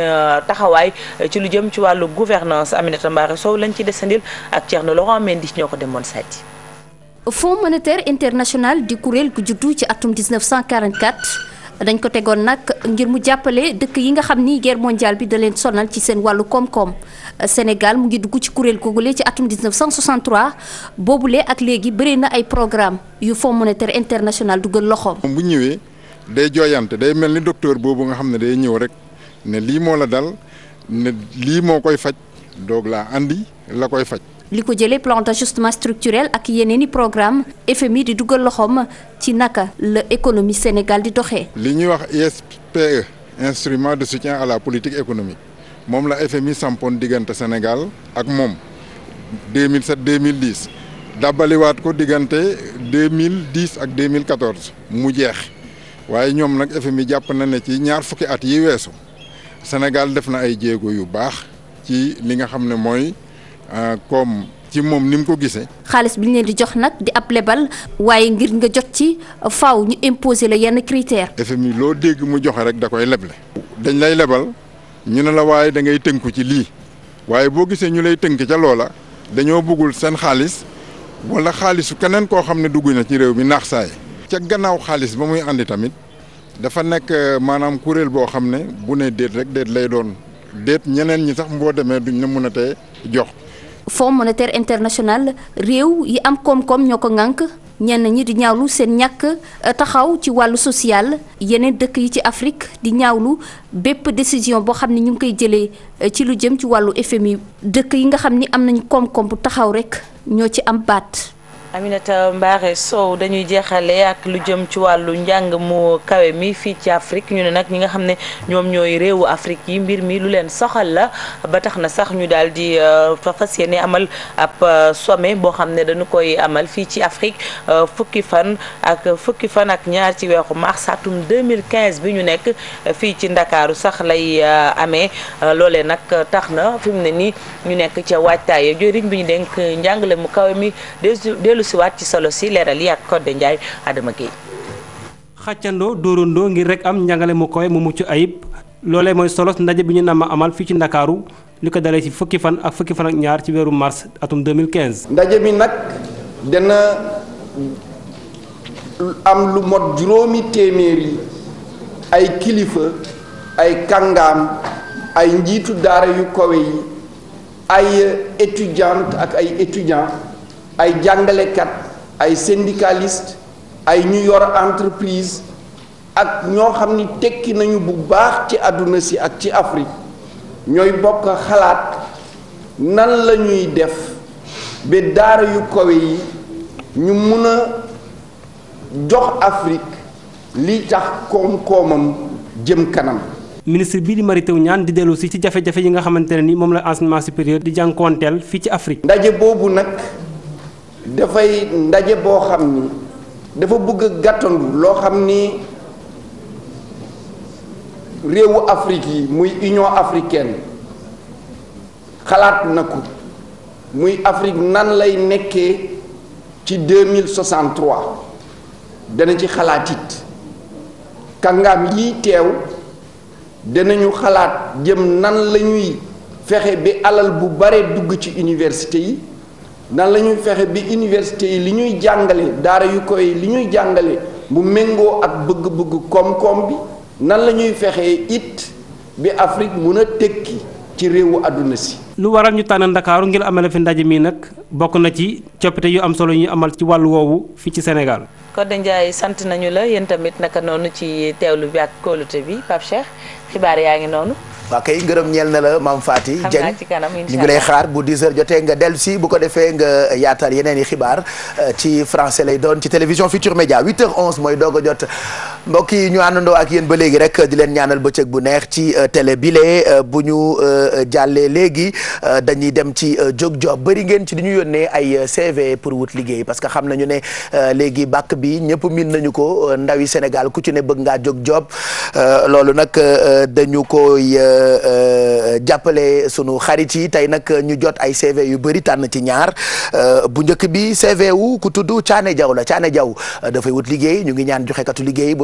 S5: taxawaay ci lu jëm ci wàllu gouvernance Aminata Mbaare Sow lañ ci desandil ak Thierno Laurent Mendy ñoo ko demoon sàcc
S7: Fonds monétaire international di kuréel gu juddu ci atum dañ ko tegoon nag ngir mu jàppale dëkk yi nga xam ni guerre mondiale bi da leen sonal ci seen wàllu koom-koom Sénégal mu ngi dugg ci kuréel googule ci atum boobu boobule ak léegi bëri na ay programme yu Fonds monétaire international dugal loxoom.
S9: bu ñëwee day jooyante day mel ni docteur boobu nga xam ne day ñëw rek ne lii moo la dal ne lii moo koy faj doog laa indi la koy faj.
S7: li ko jëlee plan d'ajustement structurel ak yeneen i programme FMI di dugal loxoom ci naka la économie Sénégal di doxee.
S9: li ñuy wax ISPE instrument de soutien à la politique économique moom la FMI sampoon diggante Sénégal ak moom 2007 2010 dàbbaliwaat ko diggante 2010 ak 2014 mu jeex waaye ñoom nag FMI jàpp na ne ci ñaar fukki at yi weesu Sénégal def na ay jéego yu baax ci li nga xam ne mooy. Euh, comme ci moom ni mu ko gisee.
S7: xaalis bi ñu leen di jox nag di ab lebal waaye ngir nga jot ci faw ñu imposer la yenn critères.
S9: FMI loo dégg mu joxe rek da koy leble. dañ lay lebal ñu ne la waaye dangay tënku ci lii waaye boo gisee ñu lay tënk ca loola dañoo buggul seen xaalis wala xaalisu keneen koo xam ne dugg na ci réew mi naax saay ca gannaaw xaalis ba muy àndi tamit dafa nekk euh, maanaam kuréel boo xam ne bu ne déet rek déet lay doon déet ñeneen ñi sax boo demee duñ mën a tee jox.
S7: fonds monetaire international réew yi am koom-koom ñoo ko ŋànk ñenn ñi di ñaawlu seen ñàkk euh, taxaw ci wàllu social yeneen dëkk yi ci Afrique di ñaawlu bépp décision boo xam ne ñu ngi koy jëlee euh, ci lu jëm ci wàllu FMI dëkk yi nga xam ni am nañu koom-koom bu taxaw rek ñoo ci am baat.
S5: Aminata Mbaare Sow dañuy jeexale ak lu jëm ci wàllu njàng mu kawe mi fii ci Afrique ñu ne nag ñi nga xam ne ñoom ñooy réewu Afrique yi mbir mi lu leen soxal la ba tax na sax ñu daal di euh, fas yéene amal ab euh, sommet boo xam ne dañu koy amal fii ci Afrique euh, fukki fan ak fukki fan ak ñaar ci weeru mars atum 2015 bi ñu nekk fii ci Ndakaaru sax lay ame loole nag tax na fi mu ne nii ñu nekk ca waajtaay joriñ bi ñu dénk njàngale mu kawe mi dellu dellusiwaat ci solo si Ndiaye Adama
S2: xàccandoo dóorandoo ngir rek am njàngale mu koy mu mucc ayib loole mooy solos ndaje bi ñu nama amal fii ci ndakaaru li ko dalee ci fukki fan ak fukki fan ak ñaar ci weeru mars atum 2015.
S6: ndaje mi nag dana am lu mot juróomi téeméeri ay kilifa ay kàngaam ay njiitu daara yu kawe yi ay étudiante ak ay étudiants. ay jàngalekat ay syndicaliste ay ñu yor entreprise ak ñoo xam ni tekki nañu bu baax ci àdduna si ak ci Afrique ñooy bokk xalaat nan la ñuy def ba daara yu kawe yi ñu mun a jox Afrique li tax koom-koomam jëm kanam.
S2: ministre bii di Mary Teuw Niane di dellu si ci jafe-jafe yi nga xamante ne ni moom la enseignement supérieur di jànkuwanteel fii ci Afrique. ndaje
S6: boobu nag. dafay ndaje boo xam ni dafa bëgg a gàttandu loo xam ni réewu Afrique yi muy Union africaine xalaat na ko muy Afrique nan lay nekkee ci 2063 dana ci xalaatit kàngam yi teew danañu xalaat jëm nan lañuy fexe bi alal bu bare dugg ci université yi nan lañuy fexe bi université yi li ñuy jàngale daara yu koy li ñuy jàngale bu méngoo ak bëgg-bëgg koom-koom bi nan la ñuy fexee it bi Afrique mun a tekki ci réewu adduna si.
S2: lu waral ñu tànn Ndakaaru ngir amale fi ndaje mi nag bokk na ci coppite yu am solo ñu amal ci wàllu woowu fii ci Sénégal.
S5: Codé Ndiaye sant nañu la yéen tamit naka noonu ci teewlu bi ak kóolute bi Pape xibaar yaa ngi noonu. waa kay ngërëm ñeel na la maam Faty Dieng ñu ngi lay xaar
S1: bu 10h jotee nga dellu si bu ko defee nga yaatal yeneen i xibaar euh, ci français lay doon ci télévision Futur Média 8h11 mooy doog jot. mbokk yi ñu àndandoo ak yéen ba léegi rek di leen ñaanal ba bëccëg bu neex ci euh, télé bile euh, bu ñu euh, jàllee léegi dañuy dem ci jóg job bëri ngeen ci di ñu yónnee ay CV pour wut liggéey parce que xam nañu ne léegi bàkk bi ñëpp miin nañu ko ndawi Sénégal ku ci ne bëgg ngaa jóg job loolu nag dañu koy jàppale sunu xarit yi tey nag ñu jot ay CV yu bari tànn ci ñaar bu njëkk bi CV wu ku tudd Caane Jaw la Caane Jaw dafay wut liggéey ñu ngi ñaan joxekatu liggéey bu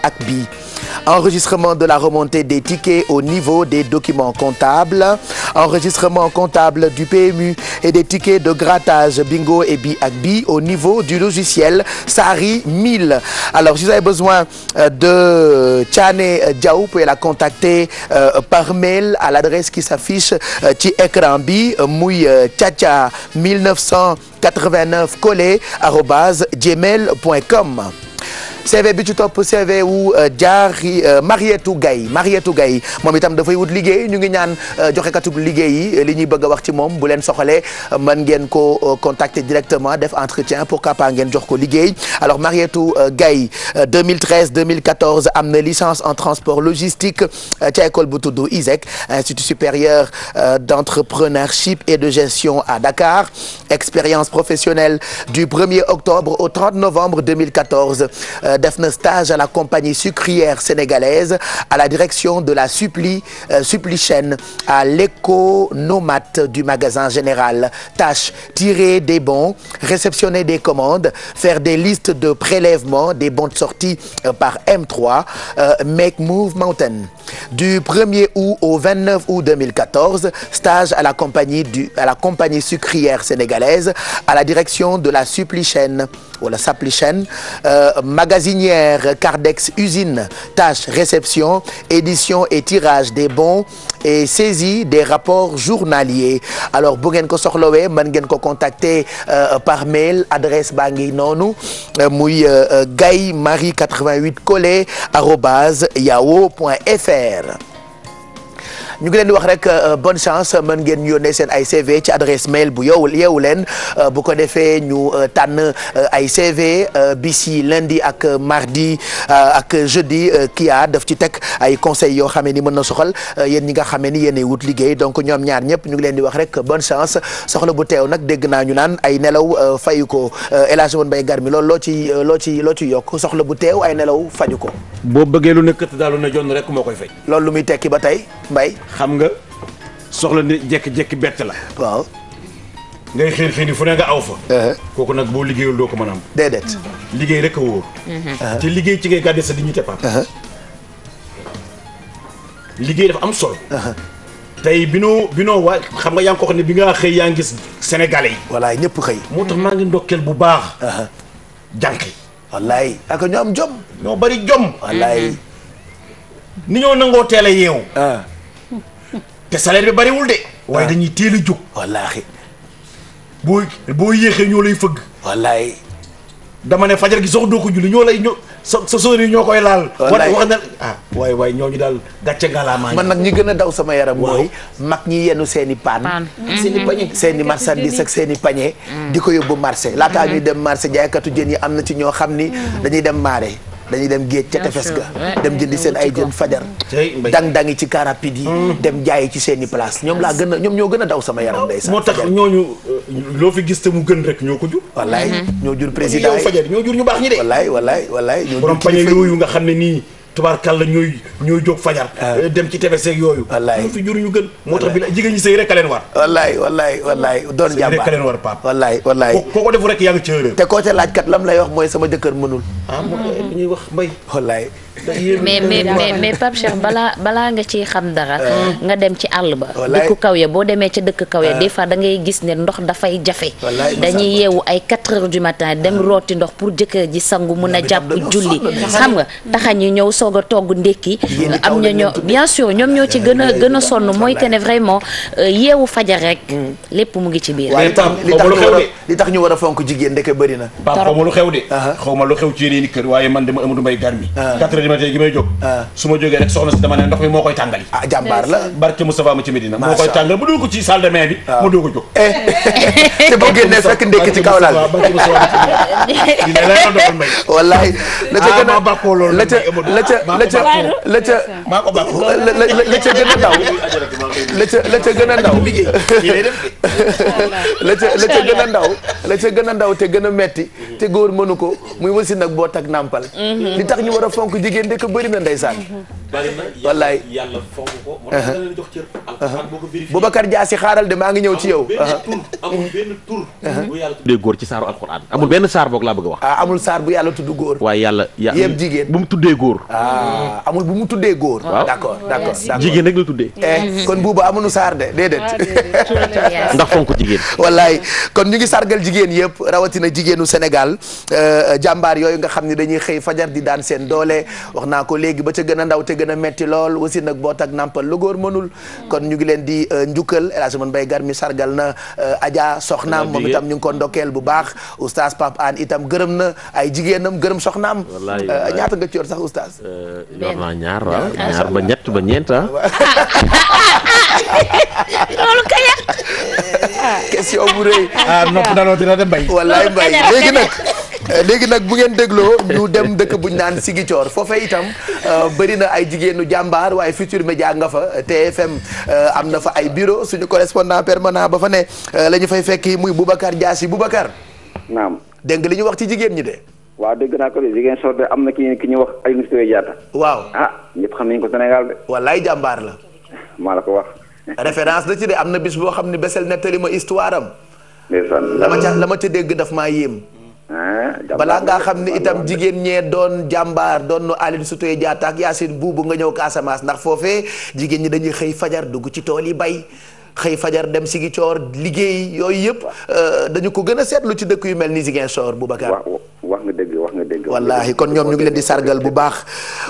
S1: ak bii enregistrement de la remontée des tickets au niveau des documents comptables enregistrement comptable du PMU et des tickets de grattage bingo bi ak bi au niveau du logiciel Sari 1000 alors si vous avez besoin euh, de Thiané Diaw vous pouvez la contacter euh, par mail à l'adresse qui s'affiche euh, ci écran bi muy tchatcha 1989 collé arobase gmail.com CV bi ci topp CV wu jaari euh, euh, Marietou Gaye Marietou Gaye moom itam dafay wut liggéey ñu ngi ñaan euh, joxe katub liggéey yi li ñuy bëgg a wax ci moom bu leen soxalee mën ngeen ko contacter directement def entretien pour pas ngeen jox ko liggéey alors Marietou Gaye 2013 2014 am na licence en transport logistique ca école bu tudd ISEC institut supérieur d'entrepreneurship et de gestion à Dakar expérience professionnelle du 1er octobre au 30 novembre 2014 Euh, def na stage la compagnie sucrière sénégalaise à la direction de la suppli euh, supplichène à l'économate du magasin général tâche tirer des bons réceptionner des commandes faire des listes de prélèvements des bons de euh, par M3 Make Move Mountain du au 29 août 2014 stage à la compagnie du à la compagnie sucrière sénégalaise à la direction de la suppli chaîne wala Sapli Chaîne euh, magasinière Cardex usine tâche réception édition et tirage des bons et saisie des rapports journaliers alors bu ngeen ko soxlawee mën ngeen ko contacter euh, par mail adresse baa ngi noonu euh, muy gaymarie88collé arobase yahoo point ñu ngi leen di wax rek euh, bonne chance mën ngeen ñu yónnee seen ay CV ci adresse mail bu yow yeewu leen euh, bu ko defee ñu euh, tànn ay CV bi si lundi ak mardi ak jeudi kia daf ci teg ay conseils yoo xamee ni mën na soxal yéen ñi nga xamee ni yéenay wut liggéey donc ñoom ñaar ñëpp ñu ngi leen di wax rek bonne chance soxla bu teew nag dégg naa ñu naan ay nelaw fayu ko El Hadj Woon Mbaye Garmi lool loo ci loo ci loo ci yokk soxla bu teew ay nelaw faju ko.
S8: boo
S2: bëggee lu ne këtt daal lu rek moo koy fay. loolu lu muy tekki ba tey Mbaye. xam nga soxla ne jekki-jekki bett la. waaw. ngay xiir xiir yi fu ne nga aw fa. Uh-huh. kooku nag boo liggéeyul doo ko mën a am. déedéet. liggéey rek a wóor. Uh-huh. te liggéey ci ngay gàddee sa dignité Pape. Uh-huh. liggéey dafa am solo. tey bi noo bi noo waa xam nga yaa ngi ko xam ne bi nga xëy yaa ngi gis sénégalais yi. voilà ñëpp xëy. moo tax maa ngi ndokkeel bu baax. jànq yi. wallaay ñoo am jom. ñoo bari jom. wallaay. ni ñoo nangoo teel a yeewu. te salaire bi bariwul de. waaye ah. dañuy teel a jóg. wallaahi. boo boo yéexee ñoo lay fëgg. wallaahi. dama ne fajar gi sox doo ko julli ñoo lay ñoo sa so sori ñoo koy laal. wallaahi
S1: wax na ah daal gàcce ngalaamaa. man nag ñi gën a daw sama yaram. mooy mag ñi yenu seeni i paan. seen i pañe seen i ak seen pañe. Mm. di ko yóbbu marché laataa ñuy mm-hmm. dem marché jaaykatu jën yi am na ci ñoo xam ni. Mm. dañuy dem maare. dañuy dem géej ca tefes ga dem jëndi seen ay jën fajar dang-dangi ci car rapide yi hmm. dem jaayi ci seeni i ñoom laa gën a ñoom ñoo gën a daw sama yaram day moo tax
S2: ñooñu euh, loo fi gis te mu gën rek ñoo ko jur wallaay hmm. ñoo jur président yi fajar
S1: ñoo jur ñu baax ñi de wallaay wallaay wallaay ñoo jur borom pañe yooyu
S2: nga xam ne nii tubaarkal la ñooy ñooy jóg fajar ah. eh, dem ci tefes ak yooyu wallaay fi jur ñu gën moo tax bi la jigéen ñi sëy rek a leen war wallaay wallaay wallaay doon jàmbaar rek a war
S1: Pape wallaay wallaay koo ko defu rek yaa ngi ci erreur te koo ca laajkat lam lay wax mooy sama jëkkër mënul
S2: ah li ñuy
S1: wax mbay wallaay
S2: mais mais
S4: mais Pape Cheikh balaa balaa nga ciy xam dara. Euh. nga dem ci àll ba. dëkku kaw ya boo demee ca dëkk kaw ya euh. des fois da ngay gis ne ndox dafay jafe. dañuy yeewu ay 4 heures du matin dem euh. rooti ndox pour jëkkër ji sangu mun a jàpp julli xam nga taxañ yi ñëw soog a togg ndékki. am na ñoo bien sûr ñoom ñoo ci gën a gën a sonn mooy que ne vraiment yeewu fajar rek. Mm. lépp mu ngi ci biir. li tax
S1: li tax ñu war fonk jigéen ndeke bëri na. xaw
S2: ma lu xew de. Uh-huh. xaw ma lu xew ci heures du matin gi may jóg ah. su ma jógee rek soxna si dama ne ndox mi moo koy tàngali ah jàmbaar la barke Moustapha ma ci Medina moo koy tàngal mu dugg ci salle de bain bi ah. mu dugg jóg eh. [LAUGHS] te boo génnee fekk ndekki ci kaw laal [LAUGHS]
S1: wallaay la ca ah, gën a bàkkoo loolu la ca la ca la ca la ca maa ko bàkkoo la ca gën a ndaw la ca la ca gën a ndaw [LAUGHS] la ca la ca gën a ndaw la ca gën a ndaw te gën a metti te góor mënu ko muy wasin nag boo tak nàmpal mhm. li tax ñu war a fonk jigéen de ko bëri na ndeysaan. Mhm. bëri na wallaay yàlla fonk ko. moo
S7: tax
S1: uh-huh. uh-huh.
S2: si xaaral de maa ngi ñëw ci yow. amul benn uh-huh. tur bu góor ci saaru alxuraan amul benn saar boog bëgg wax. ah amul bu yàlla tudd góor. waaye yàlla yëpp jigéen bu mu tuddee góor.
S1: Ah, amul bu mu tuddee góor. waaw ah, d' accord d' accord jigéen
S2: rek la tuddee. Eh, mhm. kon
S1: buuba amuñu saar de déedéet. Ah,
S2: [LAUGHS] ndax fonk jigéen.
S1: wallaay kon ñu ngi sargal jigéen yëpp rawatina jigéenu Sénégal euh, jàmbaar yooyu nga xam ne dañuy xëy fajar di daan seen doole wax naa ko léegi ba ca gën a ndaw te gën a metti lool aussi nag boot ak nàmpal lu góor mënul kon ñu ngi leen di euh, njukkal El Hadj Mane Mbaye Gar mi sargal na euh, Adja soxnaam moom itam ñu ngi ko ndokkeel bu baax oustaz Pape itam gërëm na ay jigéenam gërëm soxnaam euh, ñaata nga ci yor sax oustaz
S2: yor naa ñaar waaw ñaar ba ñett ba ñeent ah. [LAUGHS] loolu kay question
S6: bu rëy ah nopp
S2: daloo dina dem
S1: bay
S6: mbay
S8: léegi
S1: nag léegi nag bu ngeen dégloo ñu dem dëkk buñ naan Sigicoor foofee itam euh, bëri na ay jigéenu jàmbaar waaye Futurs Médias nga fa TFM euh, am na fa ay bureau suñu correspondant permanent ba fa ne euh, la ñu fay fekki muy Boubacar Diassi Boubacar. naam dégg nga li ñu wax ci jigéen ñi de.
S10: waaw dégg naa ko de jigéen soor de am na ki ki ñuy wax Aline Sitoé Diatta.
S1: waaw ah ñëpp xam nañu ko Sénégal de. wallaay jàmbaar la. maa la ko wax. référence la ci de am na bis boo xam ne Bessél nettali ma histoire am.
S7: ndeysaan la ma la
S1: ma ca dégg daf maa yéem. balaa ngaa xam ne itam jigéen ñee doon jàmbaar doon Aline Sitoé Diatta ak Yacine Boubou nga ñëw Casamance ndax foofee jigéen ñi dañuy xëy fajar dugg ci tool yi bay xëy fajar dem sigi coor liggéey yooyu yëpp euh, dañu ko gën a seetlu ci dëkk yu mel ni Ziguinchor Boubacar wax
S10: nga dëgg wax nga
S1: kon ñoom ñu ngi leen di sargal bu baax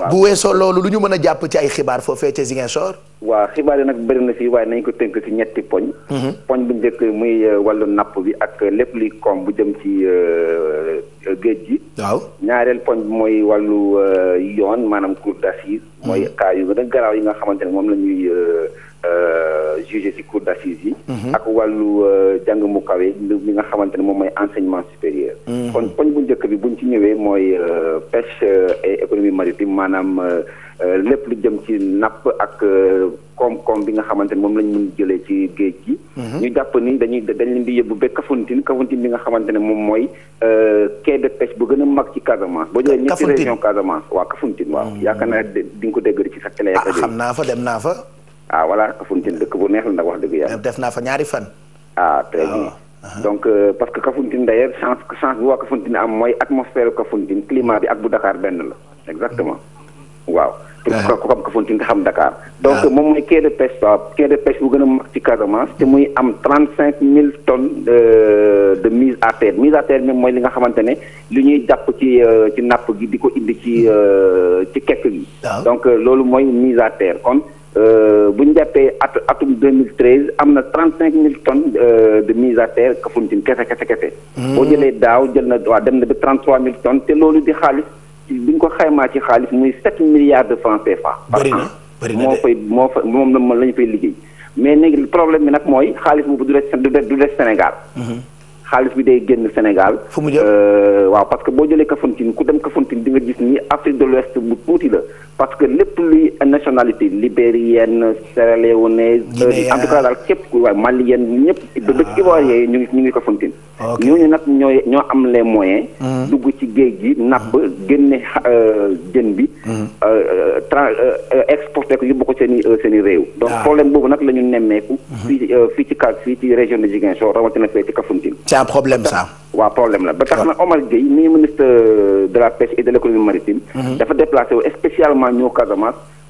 S1: bu weesoo loolu lu ñu mën a jàpp ci ay xibaar foofee ca Ziguinchor
S10: waaw xibaar yi nag bëri na fii waaye nañ ko tënk ci ñetti poñ. Mhm. poñ bu njëkk muy euh, wàllu napp bi ak lépp luy koom bu jëm ci euh, euh, géej gi. waaw ñaareel poñ bi mooy wàllu yoon maanaam cour yi mhm. mooy cas yu gën a garaaw yi nga xamante ne moom la ñuy. Euh, jugé ci cour d'assises yi. Mhm. ak wàllu euh, jàng mu kawe li nga xamante ne moom mooy enseignement supérieur. Mhm. kon poñ bu njëkk bi buñ ci ñëwee mooy euh, pêche et économie maritime maanaam lépp lu jëm ci napp ak koom-koom bi nga xamante ne moom lañ mun jëlee ci géej gi. Mhm. ñu jàpp ni dañuy dañ leen di yóbbu ba Kafountine Kafountine bi nga xamante ne moom mooy quai de pêche bu gën a mag ci Casamance. boo jëlee ñetti région Casamance waaw Kafountine waaw. Hmm. yaakaar naa di nga ko dégg ci sa télé. Ah, xam naa fa dem naa fa. ah voilà Kafountine dëkk bu neex la ndax wax dëgg yàlla. def naa fa ñaari fan. ah très bien. Ah, ah. donc euh, parce que Kafountine d'ailleurs chance chance bi waa Kafountine am mooy atmosphère Kafountine climat bi ak bu Dakar benn la. exactement waaw. te ku ah. xam Kafountine nga xam Dakar. donc moom mooy quai de pêche bu gën a mag ci Casamance. te muy am trente cinq mille tonnes de de mise à terre mise à terre mooy li nga xamante ne li ñuy jàpp ci euh, ci napp gi di ko indi ci euh, ci kekk gi. donc loolu mooy mise à terre Euh, bu ñu jàppee at atum 2013 am na 35 000 tonnes euh, de mise à terre Kafountine kese kese kese. Hmm. boo jëlee daaw jël na waa dem na ba 33 000 tonnes te loolu di xaalis bi ñu ko xaymaa ci xaalis muy 7 milliards de francs CFA. bëri na moo koy moo fa moom la ñu koy liggéey mais léegi problème bi nag mooy xaalis boobu du des du des Sénégal. Hmm. xaalis bi day génn Sénégal. fu mu euh, waaw parce que boo jëlee Kafountine ku dem Kafountine di gis ni Afrique de l'Ouest bu tuuti la parce que lépp luy nationalité libérienne Sierra Leonaise. Euh, en tout cas daal ku waaye malienne ñëpp. ba ci Ivoirien ñu ngi ñu ngi Kafountine. ok ñooñu nag ñooy ñoo am le moyens. Mm. dugg ci géej gi napp mm. génne euh, jën bi. Mm. trans exporté ko yóbbu ko seen i seen i réew. Ah. donc problème boobu nag la nemmeeku. fii mm-hmm. fii ci kàddu fii ci région de Ziguinchor rawatina un problème ça. waaw problème la ba tax na Omar Gueye mi ministre de la pêche et de l' économie maritime. Mhm. dafa déplacé wu spécialement ñëw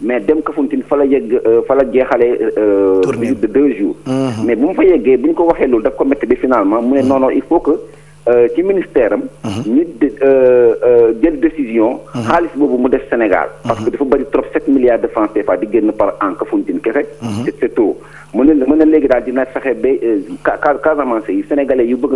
S10: mais dem Kafountine fa la yegg euh, fa euh, de deux jours. Mhm. mais bu mu fa yeggee bu ñu ko waxee loolu daf ko métti bi finalement mu ne mhm. non il faut que. Euh, ci ministère am. ñu mhm. euh, euh, jël décision. Mhm. xaalis boobu mu def Sénégal. Mhm. parce que dafa bari trop sept milliards de francs CFA di génn par an Kafountine kese. c'est c'est trop mu ne mu léegi daal dina fexe ba Casamance yi sénégalais yu bëgg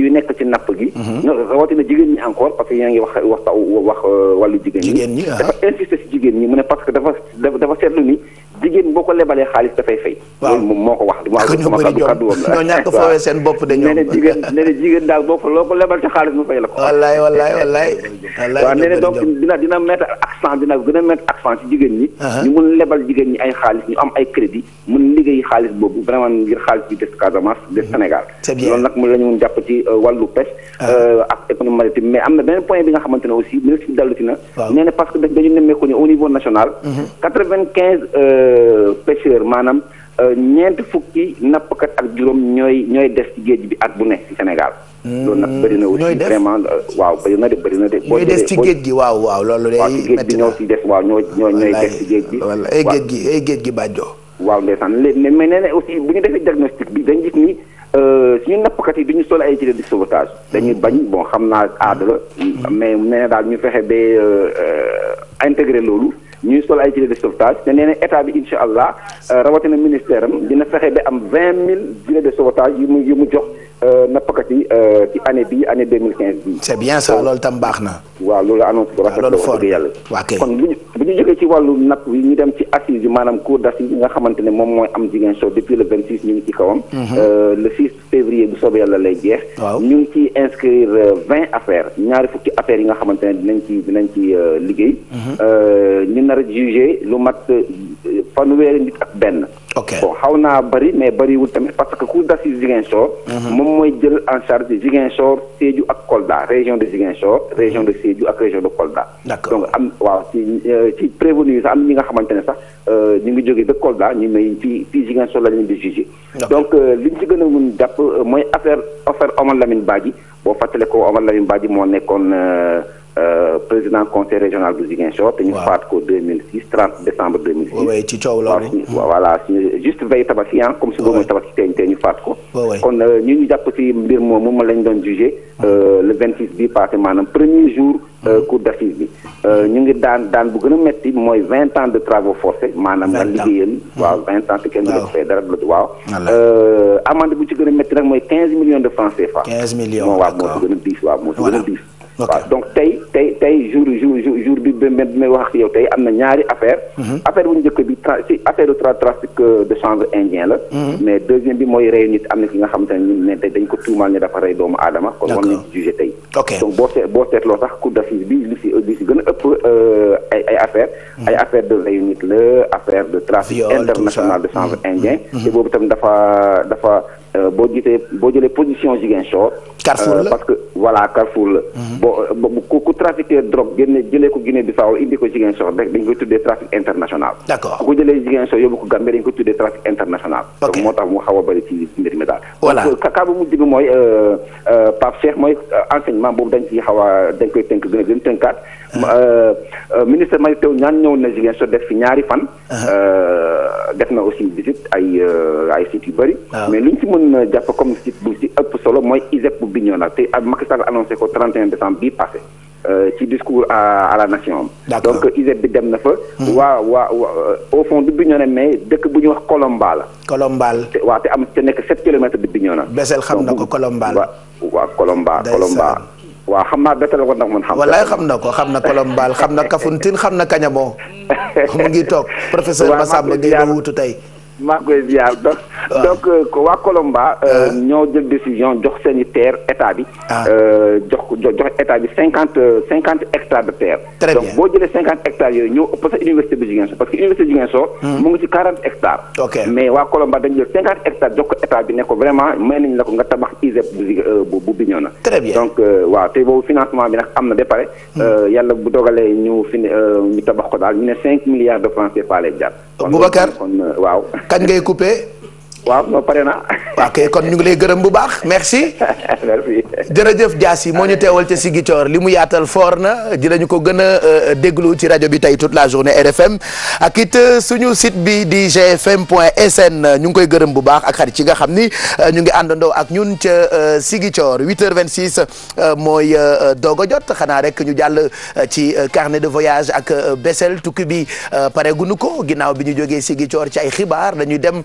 S10: yu nekk ci napp gi. rawatina jigéen ñi encore parce que yaa ngi wax waxta wax wàllu jigéen ñi. jigéen ñi ah. dafa insister ci jigéen ñi mu ne parce que dafa dafa seetlu ni. jigéen boo ko lebalee xaalis dafay fay. waaw loolu moom moo ko wax. waaw ah, ñu bëri ñoom ñoo ñàkk foowee seen bopp de ñoom. nee na jigéen nee na jigéen daal boo ko loo ko lebal ci xaalis mu fay la ko. wallaay [LAUGHS] nee na donc dina dina mettre accent dina gën a mettre accent ci jigéen ñi. Uh-huh. ñu mun lebal jigéen ñi ay xaalis ñu am ay crédit mun liggéey xaalis boobu vraiment ngir xaalis bi des Casamance des mm-hmm. Sénégal. c'est loolu nag mun la mun jàpp ci euh, wàllu pêche. Uh-huh. Euh, ak économie mais am na beneen point bi nga xamante ne aussi ministre bi Euh, pêcheur maanaam euh, ñeent fukki nappkat ak juróom ñooy ñooy def ci géej bi ak bu ne ci Sénégal. Hmm, loolu nag bëri na aussi vraiment euh, waaw bëri na de bëri na de. boo des ci gi
S1: waaw waaw loolu day.
S10: métti na waaw ci géej gi ñoo ci ñoo ñooy des ci géej gi. voilà ay géej gi ay géej gi bàjjo. waaw ndeysaan léegi mais nee na aussi bu ñu defee diagnostic bi dañ gis ni suñu yi du ñu sol ay gilet de sauvetage. Hmm. dañuy bañ bon xam naa aada la. Hmm. mais nee daal ñu fexe ba intégré loolu. ñuy sol ay gilets de sauvetage te nee na bi incha allah euh, rawatina ministère am dina fexe ba am vingt mille gilets de sauvetage yu mu yu mu jox euh, nappkat yi euh, ci année bii année deux mille quinze
S1: bii. c'est bien ça loolu tam baax na.
S10: waaw loolu annonce bu rafet la wax dëgg yàlla. kon bu ñu bu ñu jógee ci wàllu napp wi ñu dem ci assises yu maanaam cour d'assises yi nga xamante moom mooy am Ziguinchor depuis le vingt six ñu ngi kawam. Mhm. le six février bu soobee yàlla lay nar a lu mat euh, fanweeri nit ak benn. ok xaw naa bëri mais bëriwul tamit parce que cour d'assises Ziguinchor. Mhm. moom mooy jël en charge Ziguinchor Sédhiou ak Kolda région de Ziguinchor région de Sédhiou ak région de Kolda. donc am waaw ci euh, ci prévenu yi sax am ñi nga xamante ne sax euh, ñu ngi jógee ba Kolda ñu may fii fii Ziguinchor la leen di jugé. donc liñ ci gën a mun jàpp mooy affaire affaire Omar Lamine Badji boo fàttalee ko Omar Lamine Badji moo nekkoon. Euh, président conseil régional bu Ziguinchor. te ñu faat ko 2006 30 décembre 2006. waaw ci coow la voilà juste veille tabaski ah comme si boobu mooy tabaski tey tey ñu faat ko. kon euh, ñu ñu jàpp si mbir moomu ma lañ doon jugé. Euh, le 26 bi passé maanaam premier jour. cour d'assises bi ñu ngi daan daan bu gën a metti mooy vingt ans de travaux forcés maanaam nga liggéeyal mm-hmm. waaw vingt ans te kenn du la fay dara du mooy quinze millions de francs CFA quinze waaw moo si gën a diis waaw moo si gën waaw donc tey tey tey jour jour jour bi ba may wax ak yow tey am na ñaari affaire mhm. affaire bu njëkk bi si affaire tra trafic euh, de chanvre indien la. Mhm. mais deuxième bi mooy rey nit am na ki nga xamante ne ñun ne dañ ko tuumaal ne dafa rey doomu aadama. kon war nañ jugé tey. donc boo see boo seetloo sax cour d'assises bi li si li si gën a ëpp euh, ay affaire mhm. ay affaire de rey nit la affaire de trafic international de chanvre indien. te boobu itam dafa dafa. Euh, boo gisee boo jëlee position Ziguinchor. Carrefour euh, la parce que voilà Carrefour la. Mhm. boo euh, ku ku trafiqué drogue génne jëlee ko Guinée Bissau indi ko Ziguinchor rek dañ koy tuddee trafic international. d' ku ko jëlee Ziguinchor yóbbu ko Gambie dañ koy tuddee trafic international. ok donc moo tax mu xaw a bëri ci mbir mi daal. voilà donc ka bu mujj bi mooy Pape Cheikh mooy enseignement boobu dañ ciy xaw a dañ koy tënk gën a gën tënkaat. Euh, euh, ministre Mary Teuw Niane ñëw na Ziguinchor def fi ñaari fan. Uh-huh. Euh, def na aussi visite ay ay sites yu bëri. Ah. mais lu ñu si mën a jàpp comme site bu si ëpp solo mooy ISEP bu Bignona te ak Macky Sall annoncé ko 31 décembre bii passé. ci discours à à la nation am. donc ISEP bi dem na fa. Hmm. waa waa au fond du Bignona mais dëkk bu ñu wax Kolomba la. Kolombal te waaw te am te nekk 7 kilomètres du Bignona. Bessel xam na ko Kolomba la. waaw Kolomba Kolomba. waaw xam naa bettal ko ndax man. xam wallaay xam na ko xam na Kolombal xam na Kafountine
S1: xam na Kañamo [LAUGHS] mu ngi toog professeur Massamba Gueye la wuutu tey.
S10: maa ngi koy ziar ah. donc donc euh, waa Colomba. Euh, ah. ñoo jël décision jox seen i terre état bi. Ah. Euh, jox ko jox état bi cinquante cinquante hectares de terre. très bien donc boo jëlee cinquante hectares yooyu ñoo ëpp sax université bi Ziguinchor parce que université Ziguinchor. Hmm. mu ngi ci quarante hectares. ok mais waa Colomba dañu jël cinquante hectares jox ko état bi ne ko vraiment may nañu la ko nga tabax ISEP bu Zig bu Bignona. bien donc waaw te boobu financement bi nag am na ba pare. Hmm. yàlla bu dogalee ñu fi ñu tabax ko daal ñu ne cinq
S1: de francs CFA lay [LAUGHS] kañ ngay couper waaw non pare na. kon ñu ngi lay gërëm bu baax merci. [LAUGHS] merci. jërëjëf Dias yi moo ñu teewal ca Ziguinchor li mu yaatal foor na dinañu ko gën a euh, déglu ci rajo bi tey toute la journée RFM ak it euh, suñu site bi di gfm point sn ñu ngi koy gërëm bu baax ak xarit ci nga xam ni euh, ñu ngi àndandoo ak ñun ca Ziguinchor 8 vingt 26 mooy doog a jot xanaa rek ñu jàll ci carnet de voyage ak Bessel tukki bi pare gunu ko ginnaaw bi ñu jógee Ziguinchor ci ay xibaar dañuy dem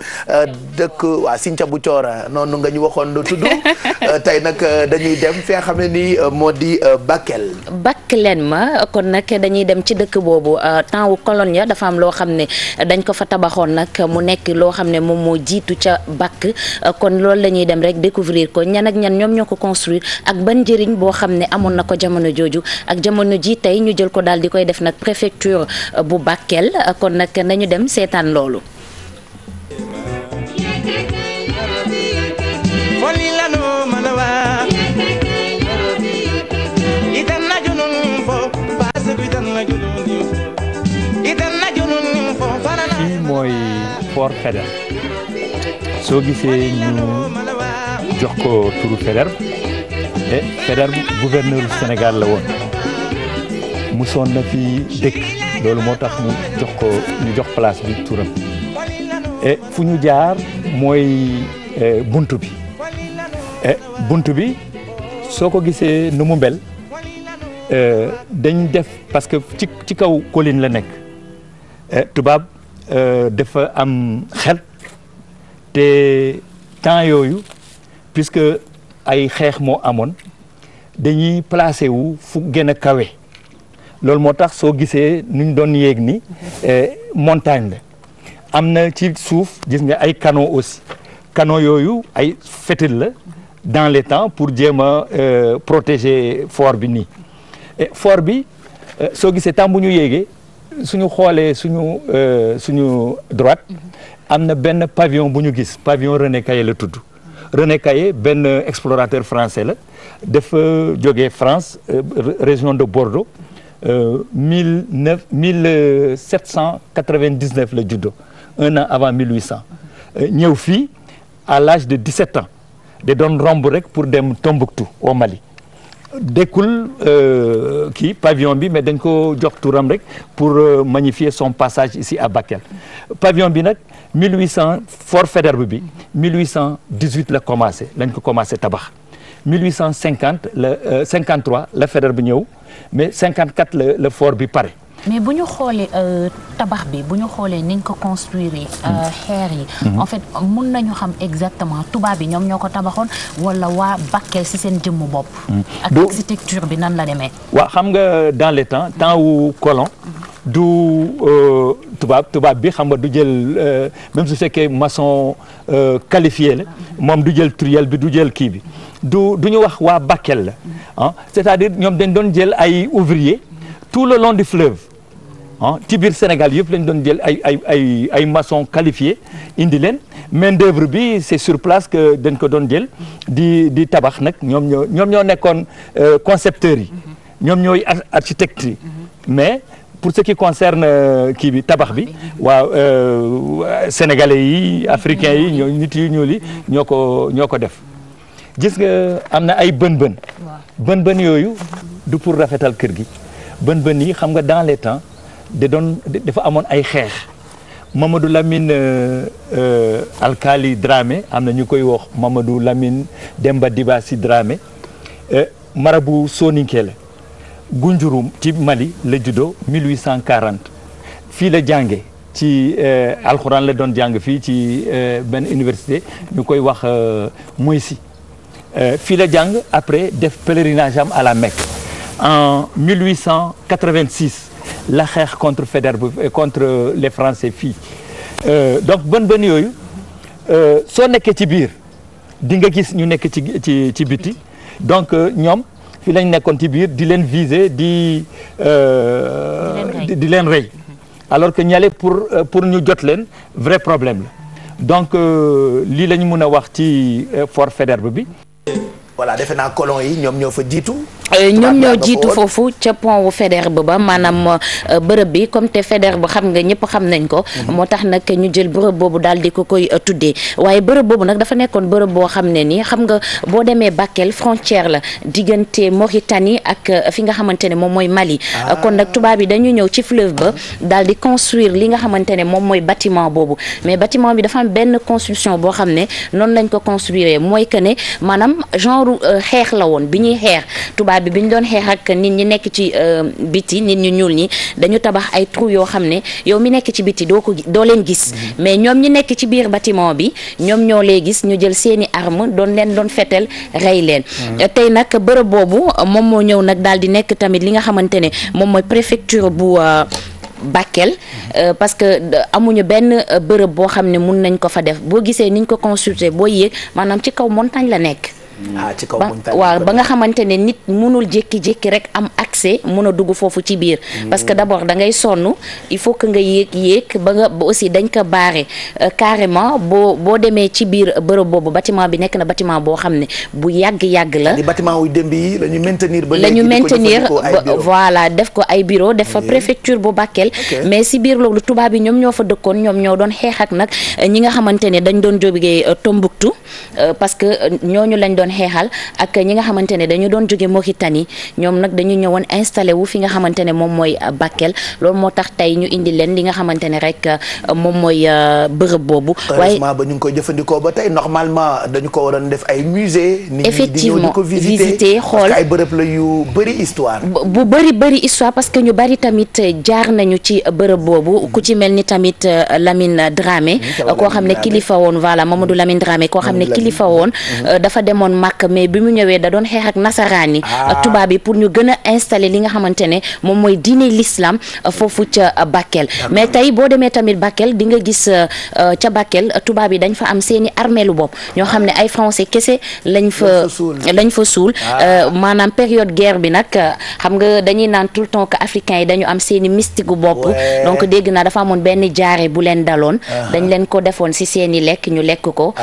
S1: nag waa Sinthiou bu Thiora noonu nga ñu waxoon lu tudd [LAUGHS] euh, tey nag euh, dañuy dem fi nga xam ne nii euh, moo di Bakel.
S4: bakk leen ma kon nag dañuy dem ci dëkk boobu temps wu colon dafa am loo xam ne dañ ko fa tabaxoon nag mu nekk loo xam ne moom moo jiitu ca bakk kon loolu lañuy dem rek découvrir ko ñan ak ñan ñoom ñoo ko construire ak ban njëriñ boo xam ne amoon na ko jamono jooju ak jamono ji tey ñu jël ko daal di koy def nag préfecture bu Bakel kon nag nañu dem seetaan loolu.
S5: Folli
S11: mooy Fort Faidherbe soo gisee ñu jox ko turu Faidherbe eh, te Faidherbe gouverneur du Sénégal la woon musoon na fi dëkk loolu moo tax ñu jox ko ñu jox place bi turam e fu ñu jaar mooy eh, bunt bi Eh, bunt bi soo ko gisee nu mu mel eh, dañ def parce que ci ci kaw colline la nekk eh, tubaab dafa am xel te temps yooyu puisque ay xeex moo amoon dañuy placé wu fu gën a kawe loolu moo tax soo gisee nu ñu doon yéeg ni montagne la am na ci suuf gis nga ay canon aussi canon yooyu ay fétil la dans les temps pour jéem a euh, protéger fort bi nii et bi euh, soo gisee temps bu ñu yéegee suñu xoolee suñu euh, suñu droite am na benn pavillon bu ñu gis pavillon René Caillé la tudd René Caillé benn explorateur français la def jógee France région de Bordeaux mille neuf mille sept cent quatre-vingt-dix-neuf la judo un an avant mille ñëw fii à lage de dix-sept ans da doon romb rek pour dem Tombouctou au Mali dekkul euh, kii pavillon bi mais dañ ko jox turam rek pour euh, magnifier son passage ici à Bakel pavillon bi nag 1800 Fort Faidherbe bi 1818 la commencé lañ ko commencé tabax 1850 euh, la 53 la Faidherbe bi ñëw mais 54 la la fort bi pare
S4: mais bu ñu xoolee euh, tabax bi bu ñu xoolee ni ko construire yi euh, hmm. xeer yi hmm. en fait mun nañu xam exactement tubaab yi ñoom ñoo ko tabaxoon wala waa Bakel si seen jëmmu bopp hmm. ak architecture bi nan la demee
S11: waa xam nga dans les temps temps wu colon du euh, tubaab tubaab bi xam nga du jël même su fekkee maçon qualifié la moom du jël truelle bi du jël kii bi du du ñu wax waa Bakel la ah c'est-à-dire ñoom dañ doon jël ay ouvrier tout le long du fleuve ah ci biir Sénégal yëpp lañ doon jël ay ay ay ay maçon qualifié indi leen main d'œuvre bi c'est sur place que dañ ko doon jël di di tabax nag ñoom ñoo ñoo nekkoon euh, concepteurs yi ñoom ñooy architectes yi mais pour ce qui concerne euh, kii bi tabax bi waaw euh, sénégalais yi africains yi ñoo nit yu ñuul yi ñoo ko ñoo ko def gis nga am na ay bën-bën bën yooyu du pour rafetal kër gi bën-bën yi xam nga dans les temps da dafa amoon ay xeex Mamadou Lamine euh, euh, Alkali Dramé am na ñu koy wax Mamadou Lamine Demba Dibassi Dramé euh, marabu Soninké la Gunjurum ci Mali la juddoo 1840 fii la jànge ci alxuraan la doon jàng fii ci benn université ñu koy wax Moissy fii la jàng après def pèlerinage am à la Mecque en 1886 la xeex contre Faidherbe euh, contre euh, les Français fii euh, donc bën bën yooyu soo nekkee ci biir di nga gis ñu nekk ci ci ci biti donc ñoom fi lañ nekkoon ci biir di leen viser di di leen rey alors que ñale pour pour ñu jot leen vrai problème la donc lii la ñu mën a wax ci for Faidherbe bi voilà defe naa colon yi ñoom ñoo fa jiitu.
S5: Euh,
S4: ñoom ñoo jiitu foofu ca pont wu Faidherbe ba maanaam euh, bërëb bi comme te Faidherbe xam nga ñëpp xam nañ ko. Mhm. moo tax nag ñu jël bërëb boobu daal di ko koy euh, tuddee waaye bërëb boobu nag dafa nekkoon bërëb boo xam ne nii xam nga boo demee Bakel frontière la diggante Mauritanie ak fi nga xamante ne moom mooy Mali. Ah. kon nag tubaab yi dañu ñëw ci fleuve ba mhm. daal di construire li nga xamante ne moom mooy bâtiment boobu mais bâtiment bi dafa benn construction boo xam ne noonu lañ ko construire mooy que ne maanaam genre euh, xeex la woon bi ñuy xeex tubaab bi bi ñu doon xeex ak nit ñi nekk ci euh, biti nit ñu ñuul ñi dañu tabax ay trou yoo xam ne yow mi nekk ci biti doo ko doo leen gis mhm. mais ñoom ñi nekk ci biir bâtiment bi ñoom ñoo lay gis ñu jël seeni arme doon leen doon fetel rey leen mhm. euh, tey nag bërëb boobu moom moo ñëw nag daal di nekk tamit li nga xamante ne moom mooy préfecture bu Bakel mhm. euh, parce que amuñu benn bërëb boo xam ne mun nañ ko fa def boo gisee niñ ko consulter boo yéeg maanaam ci kaw montagne la nekk ci kaw waaw ba nga xamante ne nit mënul jékki-jékki rek am accès mun a dugg foofu ci biir. Mm. parce que d' abord da ngay sonn il faut que nga yéeg yéeg ba nga aussi dañ ko baare euh, carrément boo boo demee ci biir bërëb boobu bâtiment bi nekk na bâtiment boo xam ne bu yàgg yàgg la. ni bâtiment wu démb yi la ñu maintenir. ba voilà def ko ay bureau def fa préfecture bu Bakel. mais si biir loolu tubaab yi ñoom ñoo fa dëkkoon ñoom ñoo doon xeex nag euh, ñi nga xamante ne dañ doon jógee euh, Tombouctou parce que ñooñu lañ doon xeexal ak ñi nga xamante ne dañu doon jóge Mauritanie ñoom nag dañu ñëwoon installé wu fi nga xamante ne moom mooy Bakel loolu moo tax tey ñu indi leen li nga xamante ne rek euh, moom mooy euh, bërëb boobu. waaye
S1: heureusement ba ñu ngi koy ba tey normalement dañu ko waroon def ay musée. nit ko visiter xool ay la yu bëri histoire.
S4: bu bëri bëri histoire parce que ñu bëri tamit euh, jaar nañu ci bërëb boobu hmm. ku ci mel ni tamit Lamine Dramé hmm, koo xam ne kilifa woon voilà Mamadou Lamine Dramé koo xam ne kilifa woon hmm. dafa demoon demoon màkk mais bi mu ñëwee da doon xeex ak nasaraan yi ah. euh, tubaab yi pour ñu gën a installer li nga xamante ne moom mooy diine l'islam euh, foofu ca euh, Bakel mais tey boo demee tamit Bakel di nga gis ca Bakel tubaab yi dañ fa am seeni armeelu bopp ñoo xam ne ay français kese lañ fa lañ fa suul ah. maanaam période guerre bi nag xam nga dañuy naan tout le temps que africains yi dañu am seeni mystique gu bopp donc dégg naa dafa amoon benn jaare bu leen daloon ah. dañ leen ko defoon si lekk ñu lekk ko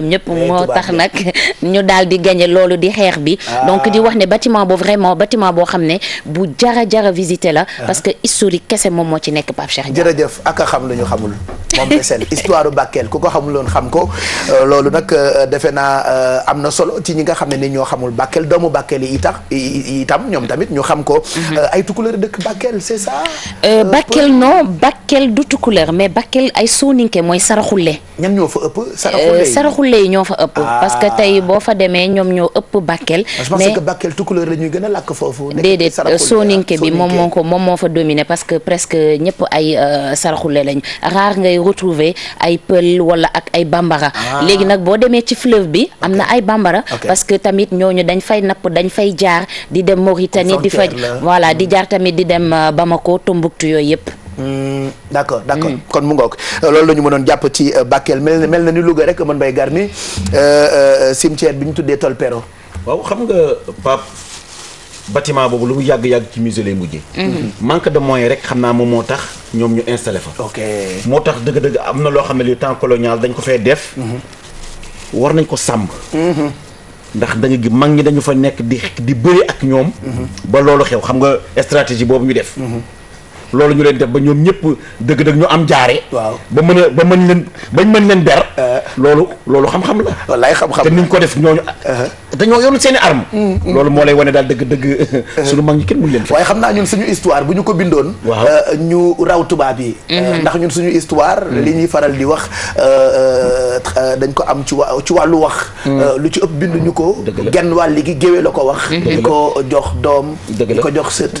S4: ñoom ñëpp eh, moo tax nag [LAUGHS] ñu daal di gagné loolu di xeex bi ah. donc di wax ne bâtiment boobu vraiment bâtiment boo xam ne bu jara jara visité la ah. parce que historique kese moom moo ci nekk Pape Cheikh
S1: jërëjëf ak a xam lu ñu xamul moom desel histoire u ko ku ko xamuloon xam ko euh, loolu nag euh, defe naa euh, am na solo ci ñi nga xam ne ni ñoo xamul Bakel doomu Bakel yi tax itam ñoom tamit ñu xam ko mhm. ay tukulër dëkk Bakel c'est ça
S4: Bakel non Bakel du tukulër mais Bakel ay sooninke mooy saraxulle ñan tukulóor ñoo fa ëpp. Ah. parce que tey boo fa demee ñoom ñoo ëpp Bakel. mais ah, je pense la ñuy gën a làkk foofu. déedéet soninke bi moom moo ko moom moo fa dominé parce que presque ñëpp ay euh, saraxule lañu raar ngay retrouver ay pël wala ak ay bambara. Ah. léegi nag boo demee ci fleuve bi am na ay bambara. parce que tamit ñooñu dañ fay napp dañ fay jaar di dem Mauritanie di fa. voilà di mm. jaar tamit di dem euh, Bamako Tombouctou yooyu yëpp.
S1: Hmm, d' accord d' accord hmm. kon mu ngoog loolu la ñu mënoon jàpp ci euh, Bakel mel na na ni Louga rek man bay gar ni euh, euh, cimetière bi ñu tuddee Tolpero waaw xam
S2: nga Pape bâtiment boobu lu mu yàgg-yàgg ci musée lay mujjee hmm. manque de moyen rek xam naa moom moo tax ñoom ñu installé fa ok moo tax dëgg-dëgg am na loo xam ne li temps colonial dañ ko fay def war nañ ko sàmm ndax da nga gi mag ñi dañu fa nekk di di bëri ak ñoom ba loolu xew xam nga stratégie boobu ñu def loolu ñu leen def ba ñoom ñëpp dëgg-dëgg ñu am jaare waaw ba mën a ba mën leen bañ mën leen ber eh. loolu loolu xam-xam la wallaay xam-xam te niñ ko def ñooñu eh. dañoo yoonu seen i arme
S1: mm, mm. loolu moo lay wane daal dëgg dëgg suñu mag ñi kenn mënu leen waaye xam naa ñun suñu histoire bu ñu ko bindoon euh, ñu raw tubaab yi mm-hmm. euh, ndax ñun suñu histoire mm-hmm. li ñuy faral di wax euh, dañ ko am ci ci wàllu wax mm. lu ci ëpp bindu ñu ko genn wàll gi géwee la ko wax mm-hmm. di jox doom di ko jox sët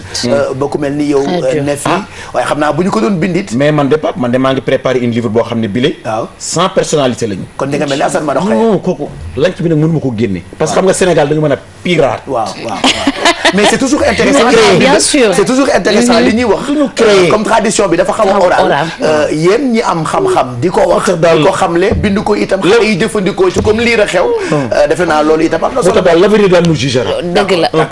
S1: ba ku ni yow ne fi
S2: ah. waaye xam naa bu ñu ko doon bindit mais man de Pape man de maa ngi préparé une livre boo xam ne bile waaw sans personnalité lañu kon di nga mel ni Assane Madoxaye non kooku lañ ci bi nag mënu ma ko génne xam nga Sénégal dañu mën a piraat.
S1: waaw waaw mais c'est toujours intéressant bien li ñuy wax comme tradition bi dafa xaw a oral euh, yéen ñi am xam-xam di ko wax di ko xamle bind ko itam xale yi jëfandikoo ci comme lii a xew hmm. euh, defe naa loolu itam am na solo daal l'avenir daal nous
S4: jugera dëgg la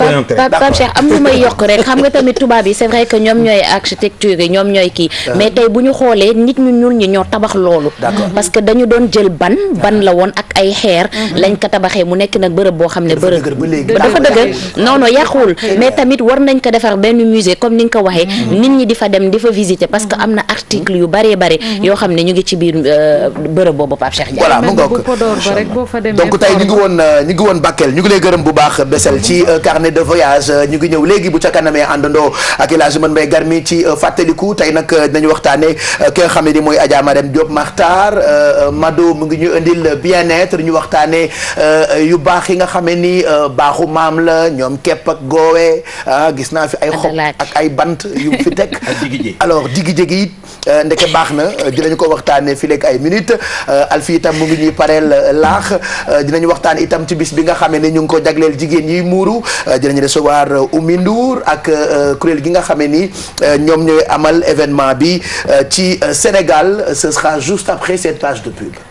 S4: Pape Cheikh am lu may yokk rek xam nga tamit tubaab yi c'est vrai que ñoom ñooy architecture yi ñoom ñooy kii euh. mais tey bu ñu xoolee nit ñu ñuul ñi ñoo tabax loolu parce que dañu doon jël ban ban la woon ak ay xeer hmm. lañ ko tabaxee mu nekk nag bërëb boo xam ne dafa dëgër cool mais tamit war nañ ko defar benn musée comme ni nga ko waxee mm-hmm. nit ñi di fa dem di fa visiter parce que mm-hmm. am na article yu bare bare mm-hmm. yoo xam ne ñu ngi ci biir euh, bërëb boobu Pape Cheikh Diagne voilà mu
S1: ngoog donc tey ñu ngi woon euh, ñu ngi woon Bakel ñu ngi lay gërëm bu baax Bessel ci euh, carnet de voyage ñu ngi ñëw léegi bu ca kanamee àndandoo ak El Hadji Mbaye Garmi ci fàttaliku tey nag nañu waxtaane ki nga ni mooy Adja Marème Diop Mado mu ngi yu yi nga xam ni baaxu maam la ñoom képp goowee ah gis naa fi ay xob ak ay bant yu fi teg [LAUGHS] alors digi jégi it eh, ndeke baax na eh, dinañ ko waxtaane fi lekk ay minutes eh, alfi itam mu ngi ñuy pareel laax dinañ waxtaan itam ci bis bi nga xamee ne ñu ngi ko jagleel jigéen yi muuru dinañ recevoir Oumy Ndour ak kuréel gi nga xamee ni ñoom ñooy amal événement bi ci Sénégal ce sera juste après cette page de pub